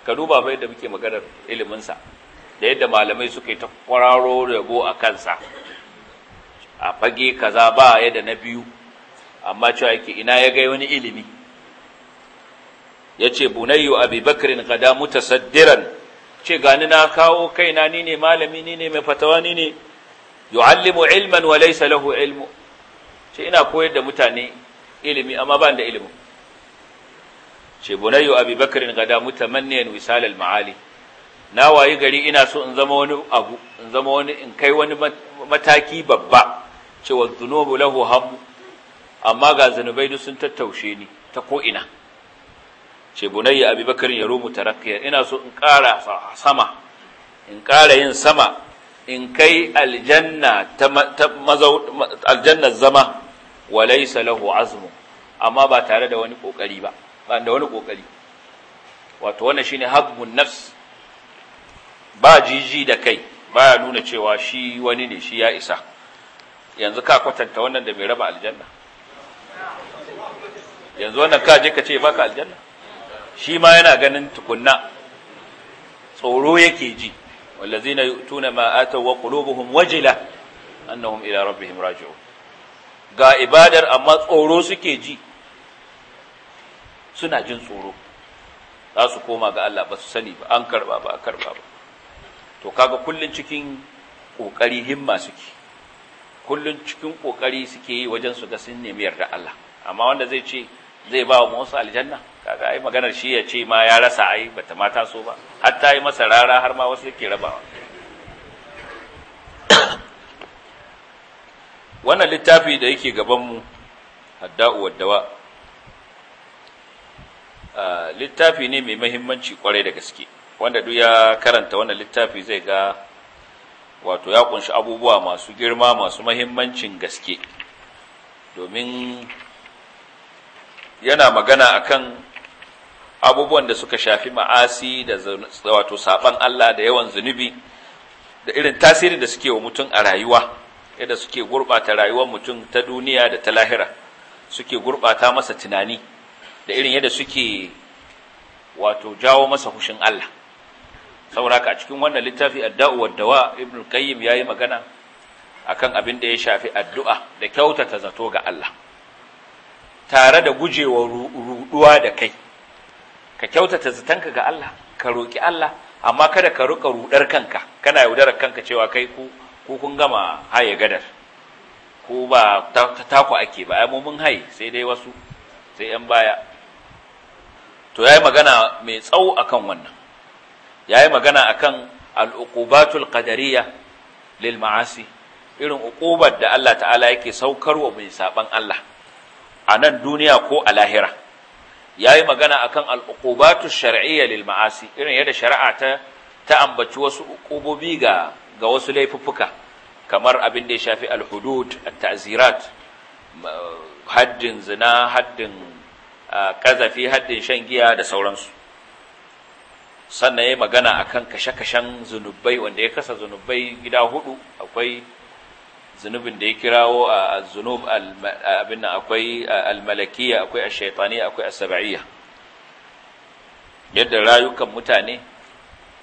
ka duba bai da muke maganar ilimin sa da yadda malamai suke ta kwararo rabo a kansa a fage kaza ba yadda na biyu amma cewa yake ina ya ga wani ilimi yace bunayyu bakr qada mutasaddiran ce gani na kawo kaina ni ne malami ni ne mai fatawa ni ne yu'allimu ilman wa laysa lahu ilmu ce ina koyar da mutane ilimi amma ban da ilimi ce bunayyu abi bakrin gada mutamanniyan wisal al maali na wayi gari ina so in zama wani abu in zama wani in kai wani mataki babba ce wa dhunubu lahu ham amma ga zanubai duk sun tattaushe ni ta ko ina ce bunayya abi bakrin ya rumu tarakkiya ina so in ƙara sama in ƙara yin sama in kai aljanna aljanna zama laysa lahu azmu amma ba tare da wani kokari ba ba da wani kokari wato wannan shine haqqun nafs ba jiji da kai ba ya nuna cewa shi wani ne shi ya isa yanzu ka kwatanta wannan da mai raba aljanna yanzu wannan ka je ka ce baka aljanna shi ma yana ganin tukunna tsoro yake ji والذين يؤتون ما آتوا وقلوبهم وجلة أنهم إلى ربهم راجعون ga ibadar amma tsoro suke ji suna jin tsoro za su koma ga Allah ba su sani ba an karba ba a karba ba to kaga kullun cikin kokari himma suke kullum cikin kokari suke yi wajen su ga sun nemi da Allah amma wanda zai ce zai ba wa musu aljanna kaga ai maganar shi ya ce ma ya rasa ai bata ma so ba hatta yi masa rara har ma wasu yake rabawa wannan littafi da yake gabanmu hadda'u waddawa littafi ne mai mahimmanci kwarai da gaske wanda duk ya karanta wannan littafi zai ga wato ya kunshi abubuwa masu girma masu mahimmancin gaske domin yana magana akan abubuwan da suka shafi ma'asi da wato saban Allah da yawan zunubi da irin tasirin da suke wa mutum a rayuwa yadda suke gurbata rayuwar mutum ta duniya da ta lahira suke gurɓata masa tunani da irin yadda suke wato jawo masa hushin Allah saboda a cikin wannan littafi adda'u wa dawa ibn qayyim yayi magana akan abin da ya shafi addu'a da kyautata zato ga Allah tare da gujewa ruɗuwa da kai ka kyautata zitanka ga Allah ka roƙi Allah amma kada ka ruka ruɗar kanka kana yaudarar kanka cewa kai ku kun gama haye gadar ku ba ta taku ake ba ai mun haye sai dai wasu sai yan baya to yayi magana mai tsawo akan wannan yayi magana akan al-uqubatul qadariyya lil ma'asi irin uqubar da Allah ta'ala yake saukarwa mai saɓan Allah a nan duniya ko a lahira Ya yi magana akan al-uqubatu shar'iyya lil ma'asi irin yadda shari'a ta ta ambaci wasu uqubobi ga ga wasu laifuffuka kamar abin da ya shafi al-hudud at-ta'zirat haddin zina haddin kazafi haddin shan giya da sauransu sannan ya yi magana akan kashe-kashen zunubai wanda ya kasa zunubai gida hudu akwai zunubin da ya kirawo a zunub abin nan akwai almalakiya akwai ashaitani akwai yadda rayukan mutane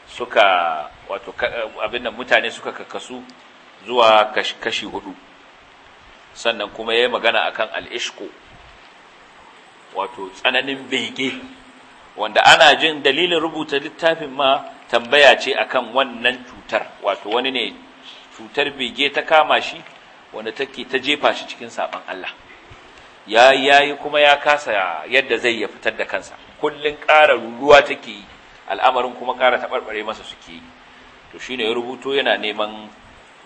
suka wato abin nan mutane suka kakkasu zuwa kashi hudu sannan kuma yayi magana akan al-ishqu wato tsananin bege wanda ana jin dalilin rubuta littafin ma tambaya ce akan wannan cutar wato wani ne cutar bege ta kama shi wanda take ta jefa shi cikin saban Allah ya yayi kuma ya kasa yadda zai ya fitar da kansa kullun ƙara ruwa take yi al'amarin kuma ƙara tabarbare masa suke yi to shine ya rubuto yana neman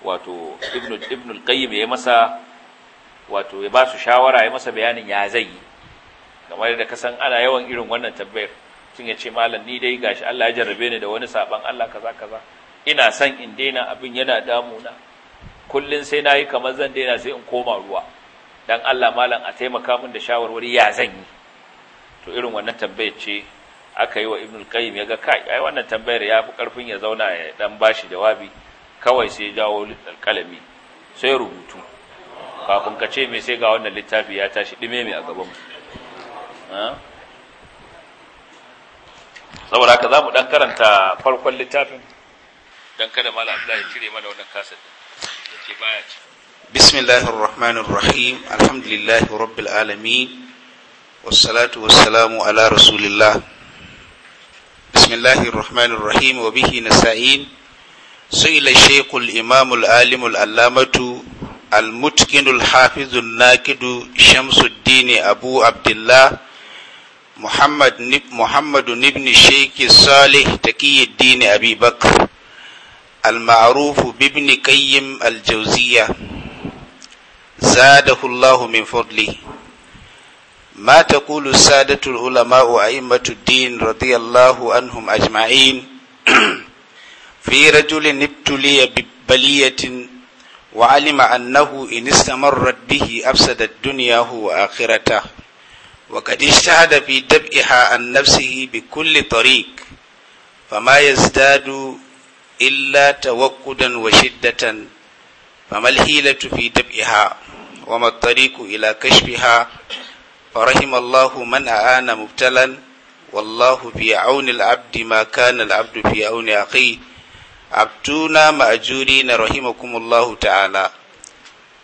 wato ibnu ibnu al-qayyim ya masa wato ya ba su shawara ya masa bayanin ya zai yi kamar da kasan ana yawan irin wannan tabbayar tun ya ce malam ni dai gashi Allah ya jarrabe ni da wani saban Allah kaza kaza ina san in daina abin yana damuna kullun sai nayi kamar zan daina sai in koma ruwa dan Allah malam a taimaka min da shawarwari ya zan yi to irin wannan tambayar ce aka yi wa ibnul qayyim yaga kai ai wannan tambayar ya fi karfin ya zauna ya dan bashi jawabi kawai sai jawo kalami sai rubutu kafin ka ce me sai ga wannan littafi ya tashi dime mai a gaban saboda haka za mu dan karanta farkon littafin dan kada mala Abdullahi cire mana wannan kasar baya ci bismillahir rahmanir rahim alhamdulillahi rabbil alamin wassalatu wassalamu ala rasulillah bismillahir rahmanir rahim wa bihi nasta'in سئل الشيخ الإمام العالم العلامة المتقن الحافظ الناكد شمس الدين أبو عبد الله محمد نب محمد بن الشيخ الصالح تقي الدين أبي بكر المعروف بابن قيم الجوزية زاده الله من فضله ما تقول السادة العلماء أئمة الدين رضي الله عنهم أجمعين في رجل ابتلي ببلية وعلم أنه إن استمرت به أفسدت دنياه وآخرته وقد اجتهد في دفعها عن نفسه بكل طريق فما يزداد illa waƙudan wa shiddatan famal hilatu fi dab'iha wa ma at-tariqu ila kashfiha rahim Allahu man aana mubtalan wallahu bi auni al-abdi ma kana al-abdu fi auni akhi abtuna ma'jurina rahimakumullahu ta'ala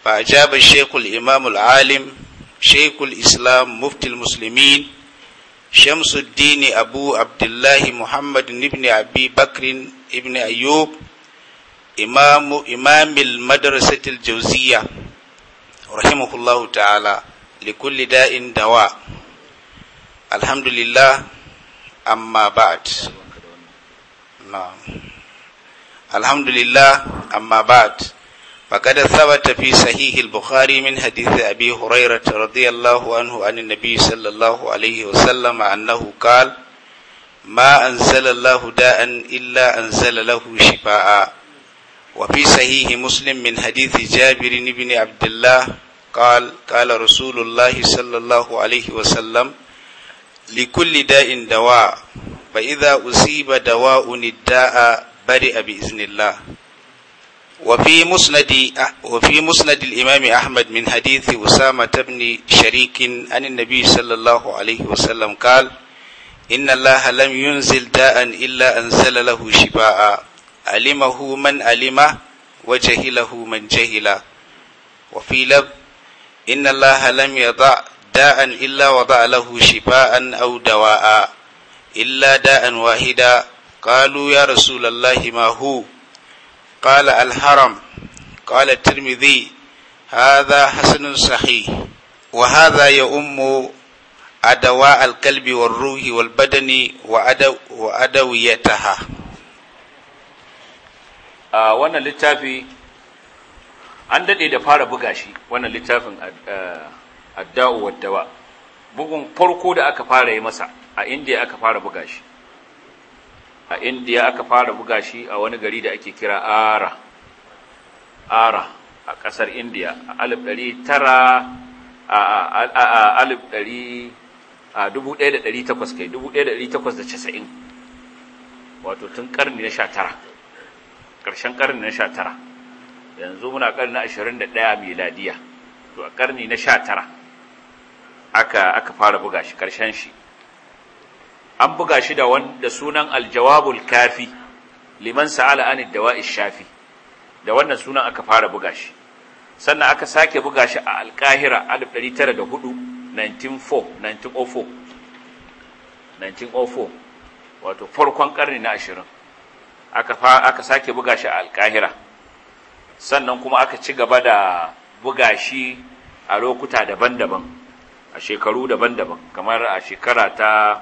fa ajaba shaykh al-imam al-alim شيخ الإسلام مفتي المسلمين شمس الدين أبو عبد الله محمد بن أبي بكر ibn ayyub imamu imamil madrasatil jawziya rahimahullahu ta'ala likulli da'in dawa alhamdulillah amma ba'd na'am alhamdulillah amma ba'd فقد ثبت في صحيح البخاري من حديث أبي هريرة رضي الله عنه عن النبي صلى الله عليه وسلم أنه قال ما أنزل الله داء إلا أنزل له شفاء وفي صحيح مسلم من حديث جابر بن عبد الله قال قال رسول الله صلى الله عليه وسلم لكل داء دواء فإذا أصيب دواء الداء برئ بإذن الله وفي مسند وفي مسند الإمام أحمد من حديث أسامة بن شريك عن النبي صلى الله عليه وسلم قال إن الله لم ينزل داء إلا أنزل له شفاء علمه من علمه وجهله من جهله وفي لب إن الله لم يضع داء إلا وضع له شفاء أو دواء إلا داء واحدا قالوا يا رسول الله ما هو قال الحرم قال الترمذي هذا حسن صحيح وهذا يؤم أدواء القلب والروح والبدن وأدو وأدويتها آه وانا لتافي an daɗe da fara buga shi wannan littafin adda'u waddawa bugun farko da aka fara yi masa a indiya aka fara buga shi a wani gari da ake kira ara ara a ƙasar indiya a alif ɗari tara a alif ɗari a 1800 kai 1890 wato tun karni na 19 ƙarshen karni na 19 yanzu muna karni na 21 miladiya to a karni na 19 aka aka fara buga shi ƙarshen shi an buga shi da wanda sunan aljawabul kafi liman sa'ala anid dawa'i shafi da wannan sunan aka fara buga shi sannan aka sake buga shi a alƙahira 1904 1904 1904 wato farkon karni na ashirin aka aka sake buga shi a alkahira sannan kuma aka ci gaba da buga shi a lokuta daban-daban a shekaru daban-daban kamar a shekara ta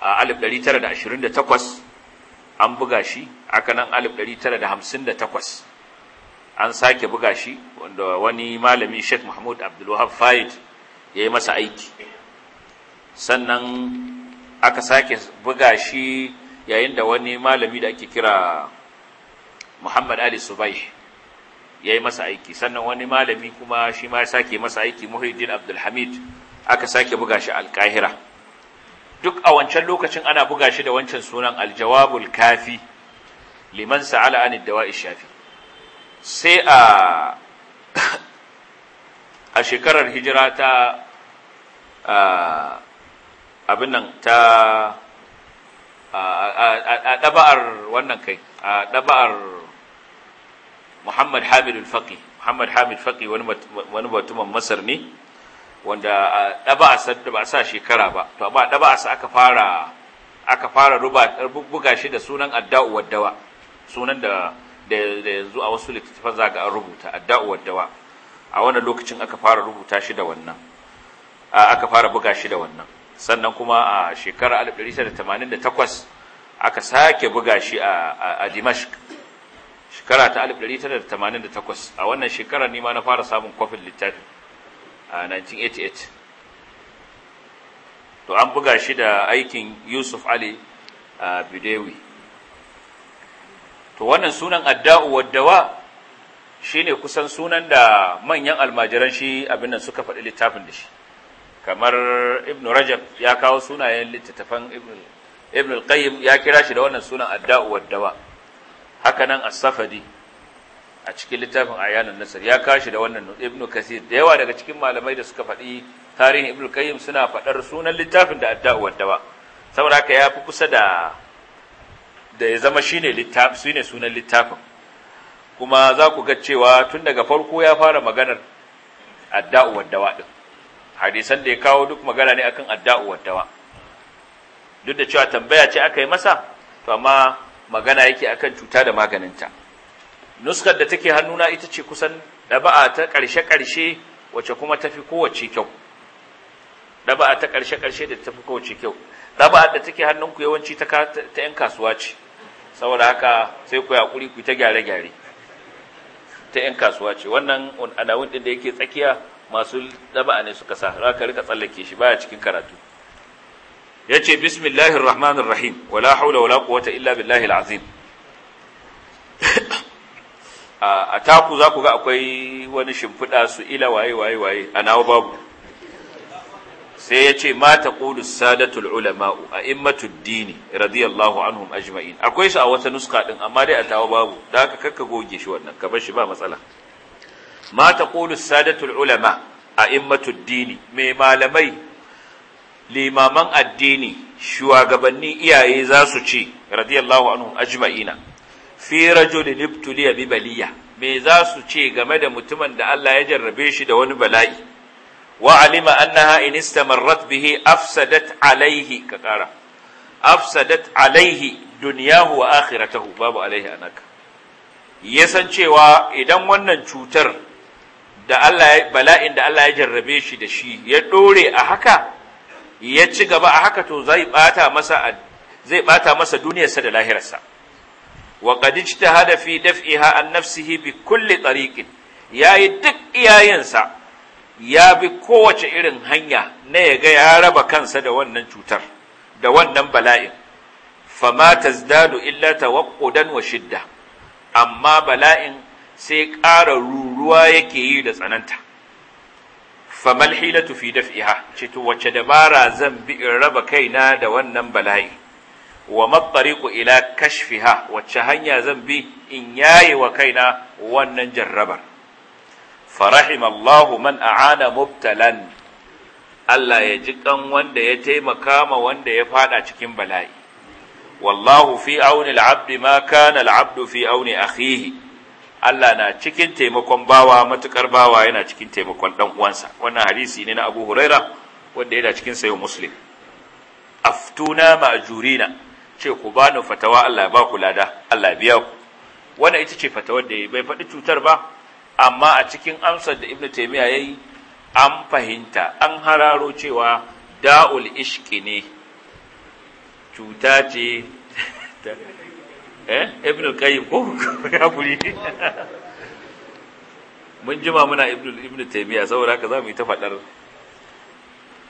a 1928 an buga shi aka nan 1958 an sake buga shi wanda wani malami Sheikh Mahmud Abdul Wahab ya yi masa aiki sannan aka sake buga shi yayin da wani malami da ake kira Muhammad Ali subai ya yi masa aiki sannan wani malami kuma shi ma ya sake masa aiki Muhyiddin Abdulhamid, aka sake buga shi Alkahira duk a wancan lokacin ana buga shi da wancan sunan Aljawabul Kafi liman sa'ala anid dawa'i sai a a shekarar hijira ta abin nan ta a ɗaba'ar wannan kai a ɗaba'ar muhammad hamid al-faqi muhammad hamid faqi wani batuman masar ne wanda ɗaba da ba a sa shekara ba to ba ɗaba a sa aka fara aka fara buga shi da sunan adda'u waddawa sunan da da yanzu a wasu littattafan za ga an rubuta adda'u dawa a wannan lokacin aka fara rubuta shi da wannan aka fara buga shi da wannan sannan kuma a shekarar 1988 aka sake buga shi a dimashq shekara ta 1988 a wannan shekarar nima na fara samun kofin littafi a 1988 to an buga shi da aikin yusuf ali a bidewi to wannan sunan adda'u waddawa shine kusan sunan da manyan almajiran shi abin nan suka faɗi littafin da shi kamar ibnu rajab ya kawo sunayen littattafan ibnu al-qayyim ya kira shi da wannan sunan adda'u waddawa haka nan as-safadi a cikin littafin ayanun nasr ya kawo shi da wannan ibnu kasir da yawa daga cikin malamai da suka faɗi tarihin ibnu qayyim suna faɗar sunan littafin da adda'u waddawa saboda haka ya fi kusa da da ya zama shine littafi shine sunan littafin kuma za ku ga cewa tun daga farko ya fara maganar adda'u wadawa din hadisan da ya kawo duk magana ne akan adda'u wadawa duk da cewa tambaya ce aka yi masa to amma magana yake akan cuta da maganinta nuskar da take hannuna ita ce kusan daba'a ta ƙarshe-ƙarshe wacce kuma tafi kowace kyau daba'a ta karshe-karshe da tafi kowace kyau daba'a da take hannunku yawanci ta 'yan kasuwa ce saboda haka sai ku hakuri ku ta gyare-gyare ta 'yan kasuwa ce wannan adawun ɗin da yake tsakiya masu daba'a ne suka sa za ka rika tsallake shi baya cikin karatu ya ce bismillahir rahmanir rahim wala haula wala quwwata illa billahil azim a taku za ku ga akwai wani shimfiɗa su ila waye waye waye a nawa babu sai ya ce mata taqulu sadatul ulama a immatud dini radiyallahu anhum ajma'in akwai su a wata nuska din amma dai a tawa babu da haka kakka goge shi wannan ka shi ba matsala Mata taqulu sadatul ulama a immatud dini mai malamai limaman addini shugabanni iyaye za su ce radiyallahu anhum ajma'ina fi rajulin ibtuliya bi baliya me za su ce game da mutumin da Allah ya jarrabe shi da wani bala'i wa alima annaha in istamarrat bihi afsadat alaihi ka alaihi dunyahu wa akhiratahu babu alaihi anaka ya san cewa idan wannan cutar da Allah bala'in da Allah ya jarrabe shi da shi ya dore a haka ya ci gaba a haka to zai bata masa zai bata masa duniyarsa da lahirarsa wa qad ijtahada fi daf'iha an nafsihi bi kulli tariqin yayi duk iyayensa ya bi kowace irin hanya na ya ga ya raba kansa da wannan cutar da wannan bala'in fama tazdadu illa tawaqqudan wa shidda amma bala'in sai ƙara ruruwa yake yi da tsananta famal hilatu fi daf'iha ce to wace dabara zan bi in raba kaina da wannan bala'i wa mattariqu ila kashfiha wace hanya zan bi in yaye wa kaina wannan jarrabar farahimallahu man a'ana muftalan. Allah ya jiƙan wanda ya taimaka wa wanda ya faɗa cikin bala'i wallahu fi auni al-abd ma kana al-abd fi auni akhihi Allah na cikin taimakon bawa matukar bawa yana cikin taimakon dan uwansa wannan hadisi ne na Abu Huraira wanda yana cikin sayo Muslim aftuna ma'jurina ce ku bani fatawa Allah ba ku lada Allah biya ku wannan ita ce fatawar da bai faɗi cutar ba amma a cikin amsar da ibnu taymiya yayi an fahimta an hararo cewa da'ul ishki ne cuta ce eh ibnu qayyim ko ya kuri mun jima muna ibnu ibnu taymiya saboda ka zamu yi ta fadar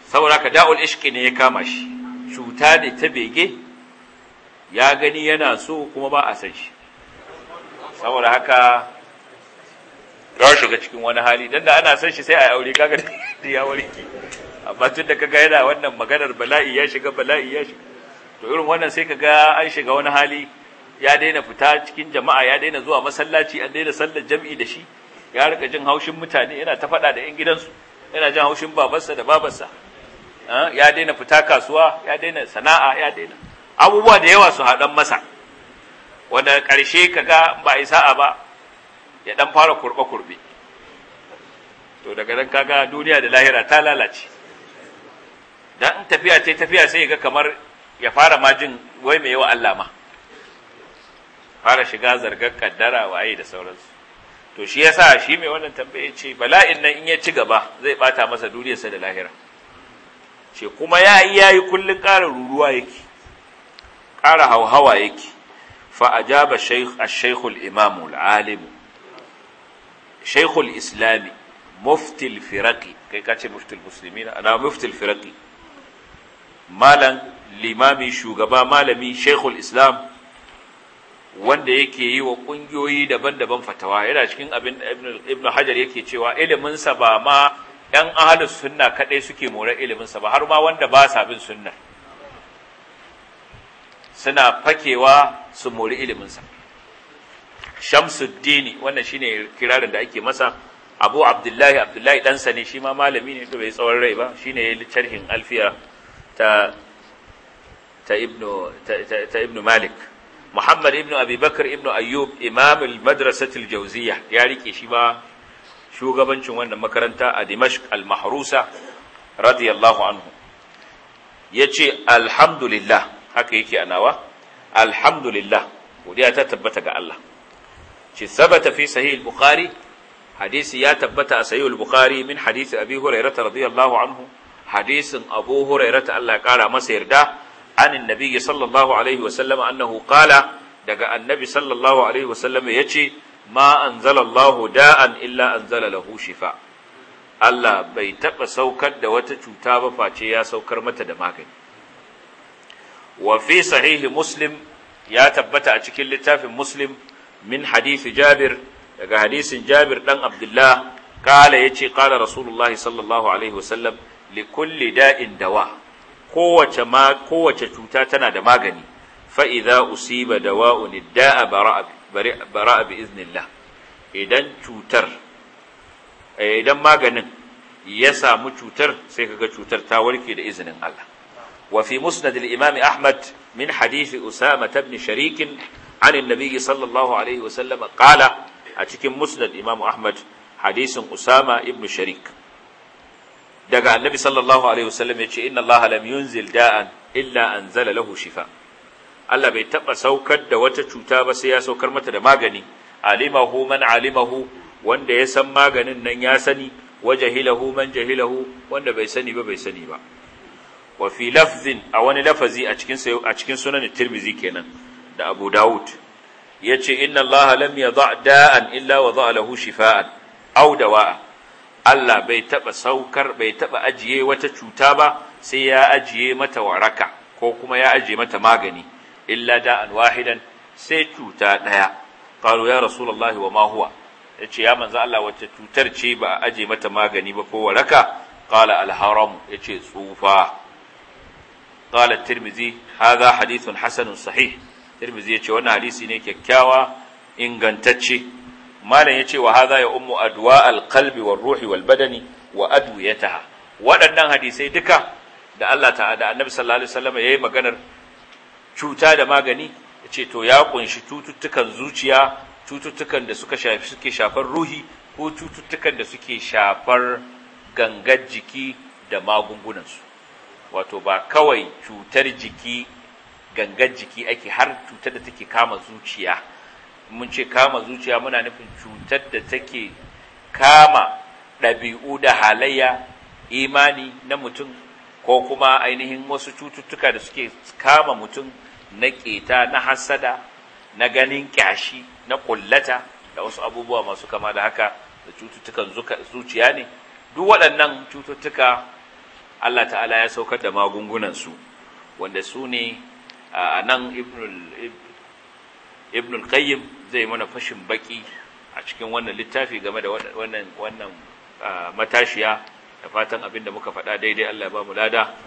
saboda ka da'ul ishki ne ya kama shi cuta ne ta bege ya gani yana so kuma ba a san shi saboda haka ya shiga cikin wani hali dan da ana son shi sai a aure kaga da ya warke amma tun da kaga yana wannan maganar bala'i ya shiga bala'i ya shiga to irin wannan sai kaga an shiga wani hali ya daina fita cikin jama'a ya daina zuwa masallaci an daina sallar jami'i da shi ya rika jin haushin mutane yana ta faɗa da 'yan gidansu yana jin haushin babarsa da babarsa ya daina fita kasuwa ya daina sana'a ya daina abubuwa da yawa su haɗan masa wanda ƙarshe kaga ba a yi sa'a ba ya dan fara kurbe kurbe to daga nan kaga duniya da lahira ta lalace dan in tafiya ce tafiya sai ga kamar ya fara majin wai me yawa Allah ma fara shiga zargar kaddara waye da sauransu to shi yasa shi mai wannan tambaye ce bala'in nan in ya ci gaba zai bata masa duniyarsa da lahira ce kuma ya yi yayi kullun ƙara ruruwa yake ƙara hauhawa yake fa ajaba shaykh shaykh al-imam al-alim shaykhul islami muftil firaki ka ce muftil muslimina ana muftil firaki malam limami shugaba malami shaykhul islam wanda yake yi wa kungiyoyi daban-daban fatawa yana cikin abin ibn hajar yake cewa iliminsa ba ma ‘yan ahalus sunna kaɗai suke more iliminsa ba har ma wanda ba sa bin sunna suna fakewa su mori iliminsa shamsuddini wannan shine kirarin da ake masa abu abdullahi abdullahi ɗansa ne shi ma malami ne to bai tsawon rai ba shine ya sharhin alfiya ta ta ibnu ta, ibnu malik muhammad ibnu abubakar ibnu ayyub imam al-madrasati jawziyya ya rike shi ma shugabancin wannan makaranta a dimashq al-mahrusa radiyallahu anhu yace alhamdulillah haka yake a nawa alhamdulillah godiya ta tabbata ga Allah ce sabata fi sahih al-bukhari hadisi ya tabbata a sahih al-bukhari min hadisi abi hurairah radiyallahu anhu hadisin abu hurairah Allah ya kara masa yarda anin nabiyyi sallallahu alaihi wa sallam annahu qala daga annabi sallallahu alaihi wa sallam yace ma anzalallahu da'an illa anzala lahu shifa Allah bai taɓa saukar da wata cuta ba face ya saukar mata da magani. Wa fi sahihi Muslim ya tabbata a cikin littafin Muslim min hadisi jabir daga hadisin jabir ɗan abdullah kala ce kala rasulullah sallallahu alaihi wasallam li kulli da'in dawa kowace ma kowace cuta tana da magani fa idza usiba dawa'un da'a bara'a bara'a bi iznillah idan cutar eh, idan maganin ya samu cutar sai kaga cutar ta warke da izinin Allah wa fi musnad al-imam ahmad min hadisi usama ibn sharikin عن النبي صلى الله عليه وسلم قال أتكن مسند إمام أحمد حديث أسامة ابن شريك دقى النبي صلى الله عليه وسلم يقول إن الله لم ينزل داء إلا أنزل له شفاء Allah bai taɓa saukar da wata cuta ba sai ya saukar mata da magani alimahu man alimahu wanda ya san maganin nan ya sani wajahilahu man jahilahu wanda bai sani ba bai sani ba lafzin a wani lafazi a cikin sunan kenan da Abu Dawud yace inna Allah lam yadha da'an illa wada lahu shifaan aw dawa'a Allah bai taba saukar bai taba ajiye wata cuta ba sai ya ajiye mata waraka ko kuma ya ajiye mata magani illa da'an wahidan sai cuta daya qalu ya rasulullahi wa ma huwa yace ya manzo Allah wata cutar ce ba a aje mata magani ba ko waraka qala al-haram yace tsufa qala Tirmizi haza hadha Hassanun hasanun sahih tirmizi ya ce wannan hadisi ne kyakkyawa ingantacce malam ya ce wa hadha ya ummu adwa alqalbi war ruhi wal badani wa adwiyataha waɗannan hadisai duka da Allah ta'ala annabi sallallahu alaihi wasallam yayi maganar cuta da magani ya ce to ya kunshi cututtukan zuciya cututtukan da suka shafi suke shafar ruhi ko cututtukan da suke shafar gangar jiki da magungunansu wato ba kawai cutar jiki gangan jiki ake har cutar da take kama zuciya mun ce kama zuciya muna nufin cutar da take kama ɗabi'u da halayya imani na mutum ko kuma ainihin wasu cututtuka da suke kama mutum na keta na hasada na ganin kyashi na kullata da wasu abubuwa masu kama da haka da cututtukan zuciya ne duk waɗannan cututtuka Allah ta'ala ya saukar da magungunansu wanda su ne a nan ibn al-qayyim zai mana fashin baki a cikin wannan littafi game da wannan wannan matashiya da fatan abinda muka faɗa daidai Allah ya ba mu lada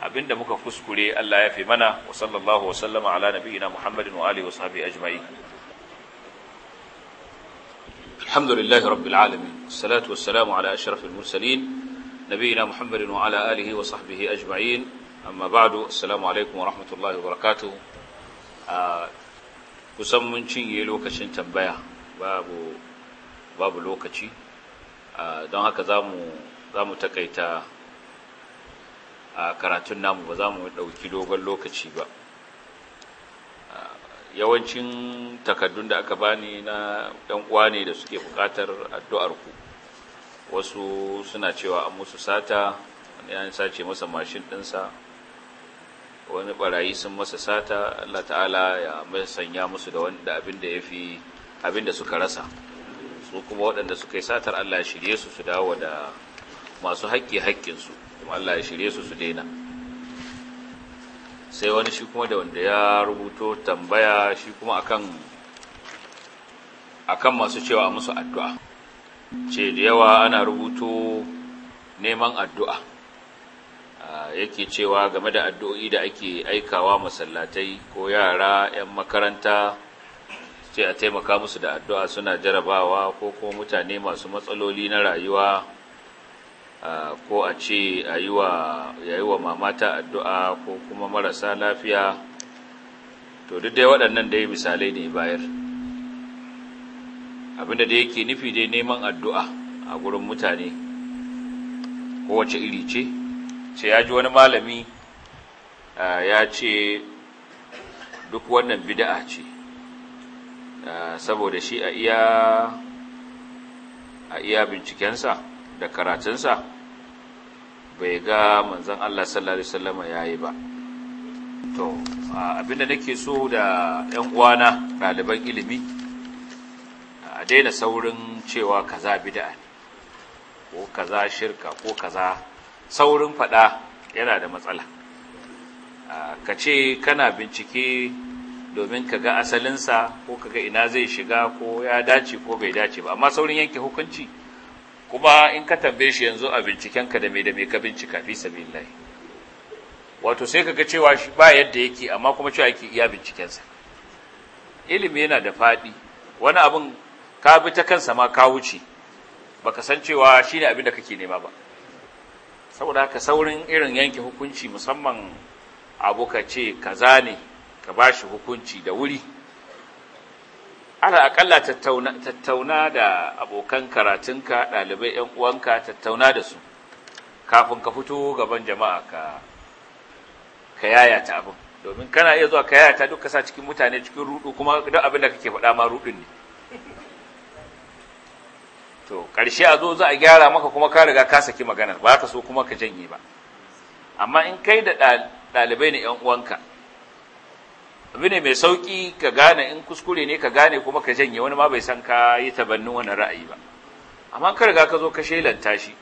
abinda muka kuskure Allah ya fi mana wa sallallahu wa sallama ala nabiyyina Muhammadin wa alihi wa sahbihi ajma'in alhamdulillahi rabbil alamin salatu wassalamu ala ashrafil mursalin muhammadin wa ala alihi wa sahbihi ajma'in amma ba'du assalamu alaikum wa rahmatullahi wa barakatuh kusan mun cinye lokacin tambaya babu babu lokaci don haka za mu takaita karatun namu ba za mu ɗauki dogon lokaci ba yawancin takaddun da aka bani na ɗan uwa ne da suke buƙatar ku wasu suna cewa an musu sata wani ya sace masa mashin ɗinsa wani barayi sun masa sata Allah ta'ala ya sanya musu da wanda abin da fi abin da suka rasa su kuma waɗanda suka yi satar Allah ya shirye su su dawo da masu haƙƙi haƙƙinsu kuma Allah ya shirye su su daina sai wani shi kuma da wanda ya rubuto tambaya shi kuma akan akan masu cewa musu addu'a ce da yawa ana rubuto neman addu'a yake cewa game da addu'o'i da ake aikawa masallatai ko yara 'yan makaranta ce a taimaka musu da addu'a suna jarabawa ko kuma mutane masu matsaloli na rayuwa ko a ce a yi wa mamata addu'a ko kuma marasa lafiya to duk dai waɗannan dai misalai ne bayar abinda da yake nufi dai neman addu'a a gurin mutane kowace iri ce ce ya ji wani malami ya ce duk wannan bida'a ce saboda shi a iya a iya bincikensa da karatunsa bai ga manzon Allah sallallahu alaihi ya yi ba to abinda nake so da yan uwana ɗaliban ilimi a daina saurin cewa kaza bida'a ko kaza shirka ko kaza saurin faɗa yana da matsala ka ce kana bincike domin ka ga asalinsa ko ka ga ina zai shiga ko ya dace ko bai dace ba amma saurin yanke hukunci kuma in ka tambaye shi yanzu a bincikenka da mai da mai ka bincika fi lai wato sai ka ga cewa shi ba yadda yake amma kuma cewa yake iya bincikensa ilimi yana da faɗi wani abin ka bi ta kansa ma ka wuce baka san cewa shi ne abin da kake nema ba saboda haka saurin irin yanke hukunci musamman abu ka ce kaza ne ka ba shi hukunci da wuri ala akalla tattauna da abokan karatunka ɗalibai 'yan uwanka tattauna da su kafin ka fito gaban jama'a ka ka yayata abin domin kana iya zuwa ka yayata duk ka sa cikin mutane cikin rudu kuma duk abin da kake faɗa ma rudin ne to ƙarshe a zo za a gyara maka kuma ka riga ka saki maganar ba ka so kuma ka janye ba amma in kai da ɗalibai ne ‘yan uwanka abu ne mai sauƙi ka gane in kuskure ne ka gane kuma ka janye wani ma bai san ka yi tabannin wani ra'ayi ba amma ka riga ka zo ka shelanta shi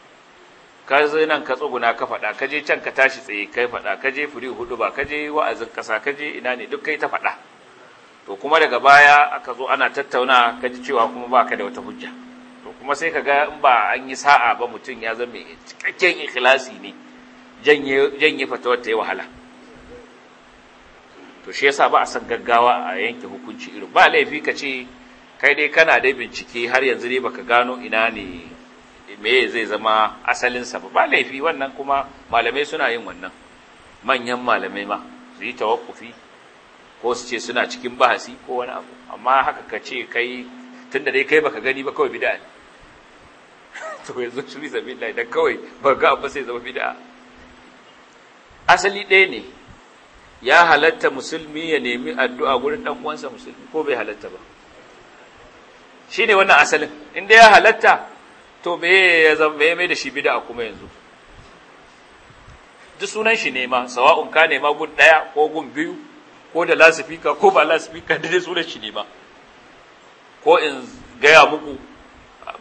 ka zo nan ka tsuguna ka faɗa ka je can ka tashi tsaye kai faɗa ka je furi hudu ba ka je wa'azin ƙasa ka je ina ne duk kai ta faɗa to kuma daga baya aka zo ana tattauna ka ji cewa kuma ba ka da wata hujja kuma sai ka ga in ba an yi sa'a ba mutum ya zama cikakken ikhlasi ne janye fatawar ta yi wahala to shi yasa ba a san gaggawa a yanke hukunci irin ba laifi ka ce kai dai kana da bincike har yanzu ne baka gano ina ne me zai zama asalinsa sa ba laifi wannan kuma malamai suna yin wannan manyan malamai ma su yi tawakkufi ko su ce suna cikin bahasi ko wani abu amma haka ka ce kai tunda dai kai baka gani ba kawai bid'a ne to yanzu su bi sabila idan kawai ba ga abu sai zama bid'a asali ɗaya ne ya halatta musulmi ya nemi addu'a gurin ɗan uwansa musulmi ko bai halatta ba shine wannan asalin inda ya halatta to bai ya zama mai da shi bid'a kuma yanzu duk sunan shi ne ma sawa'un ka nema gun ɗaya ko gun biyu ko da lasifika ko ba lasifika da dai sunan shi ne ko in gaya muku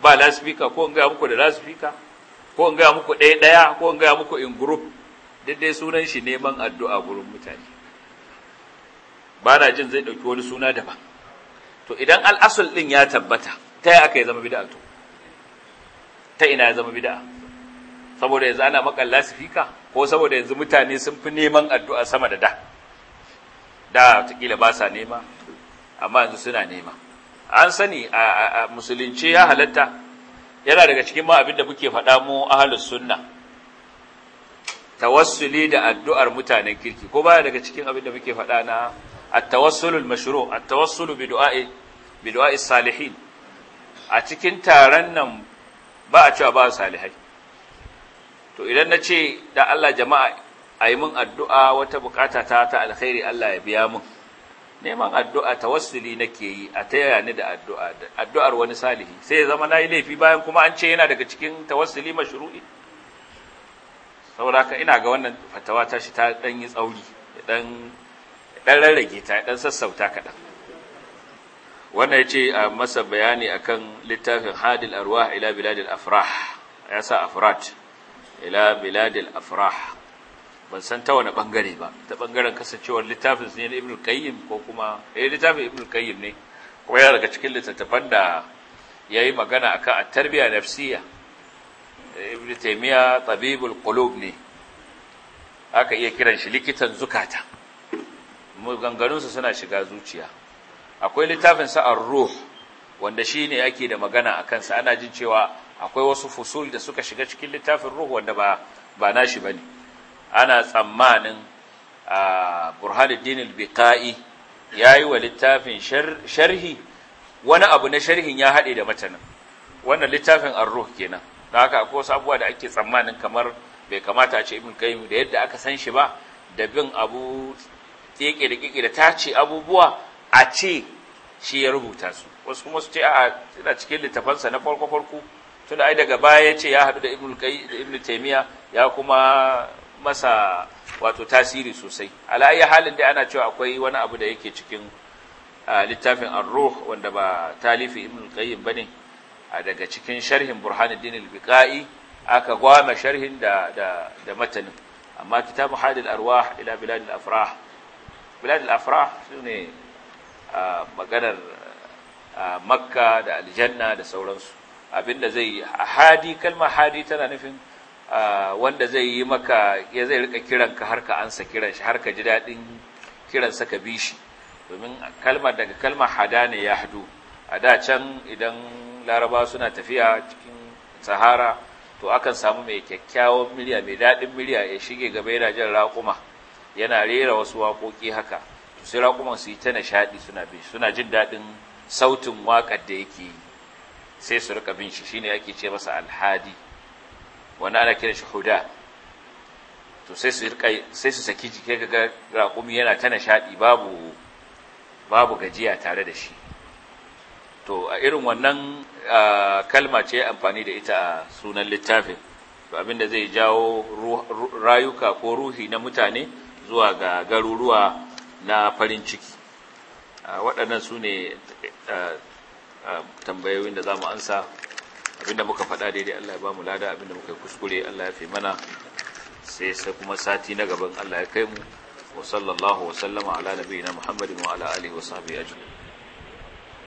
ba lasifika ko in gaya muku da lasifika ko in muku ɗaya ɗaya ko in muku in group dai sunan shi neman addu'a gurin mutane ba na jin zai ɗauki wani suna daban to idan al'asul ɗin ya tabbata ta yi aka yi zama bida'a to ta ina zama bida saboda yanzu ana makan lasifika ko saboda yanzu mutane sun fi neman addu'a sama da da da takila ba sa nema amma yanzu suna nema an sani a musulunci ya halatta yana daga cikin ma abinda muke faɗa mu ahlus sunna tawassuli da addu'ar mutanen kirki ko baya daga cikin abinda muke faɗa na at tawassulul mashru at-tawassul bi du'a'i bi du'a'i salihin a cikin taron nan ba a cewa ba salihai to idan na ce da Allah jama'a ayi mun addu'a wata bukata ta ta alkhairi Allah ya biya mun. neman addu'a tawassuli nake yi a taya ni da addu'a addu'ar wani salihi sai ya zama na yi laifi bayan kuma an ce yana daga cikin tawassuli mashru'i sauraka ina ga wannan fatawa ta shi ta ɗan yi tsauri dan ɗan rarrage ta ɗan sassauta kaɗan wannan ya ce a masa bayani a kan littafin hadil arwah ila biladil afrah ya afrat ila biladil afrah ban san ta wani bangare ba ta bangaren kasancewar littafin ne na ibnul kayyim ko kuma eh littafin ibnul kayyim ne kuma yana daga cikin littattafan da yi magana akan at-tarbiyya nafsiyya eh, ibn taymiya tabibul qulub ne aka iya kiran shi likitan zukata ganganunsa suna shiga zuciya akwai littafin sa ar-ruh wanda shine ake da magana akan sa ana jin cewa akwai wasu fusul da suka shiga cikin littafin ruh wanda ba ba nashi bane ana tsammanin burhanuddin al-biqai yayi wa littafin sharhi wani abu na sharhin ya haɗe da matanin wannan littafin ar-ruh kenan don haka akwai wasu abubuwa da ake tsammanin kamar bai kamata a ce ibn kayyim da yadda aka san shi ba da bin abu keke da keke da tace abubuwa a ce shi ya rubuta su wasu kuma su ce a tana cikin littafansa na farko farko tun ai daga baya ya ce ya haɗu da ibn kayyim da ibn taymiya ya kuma masa wato tasiri sosai ala halin da ana cewa akwai wani abu da yake cikin ah, littafin ar wanda ba talifi ibn ba bane ah, daga cikin sharhin burhanuddin al aka gwama sharhin da matanin amma kitabu hadil Arwa ila bilad al-afrah bilad al-afrah ah, maganar makka da aljanna da sauransu abinda zai hadi kalma hadi tana nufin wanda zai yi maka ya zai rika ka har ka ansa kiran shi har ka ji daɗin kiransa ka bi shi domin kalmar daga kalmar hada ne ya hadu a da can idan laraba suna tafiya cikin sahara to akan samu mai kyakkyawan miliya mai daɗin miliya ya shige gaba yana jin raƙuma yana rera wasu wakoki haka to sai raƙuman su yi ta nishaɗi suna bin suna jin daɗin sautin waƙar da yake yi sai su rika bin shi shine ake ce masa alhadi wanda ana kiran shi huda to sai su rika sai su saki jike ga raƙumi yana ta nishaɗi babu babu gajiya tare da shi to a irin wannan kalma ce amfani da ita a sunan littafin to abinda zai jawo rayuka ko ruhi na mutane zuwa ga garuruwa na farin ciki waɗannan su ne tambayoyin da za mu ansa abinda muka faɗa daidai Allah ya ba mu lada abinda muka kuskure Allah ya fi mana sai kuma sati na gaban Allah ya kai mu wa sallallahu wa sallama ala nabiyina Muhammadin wa ala alihi wa sahbihi ajma'in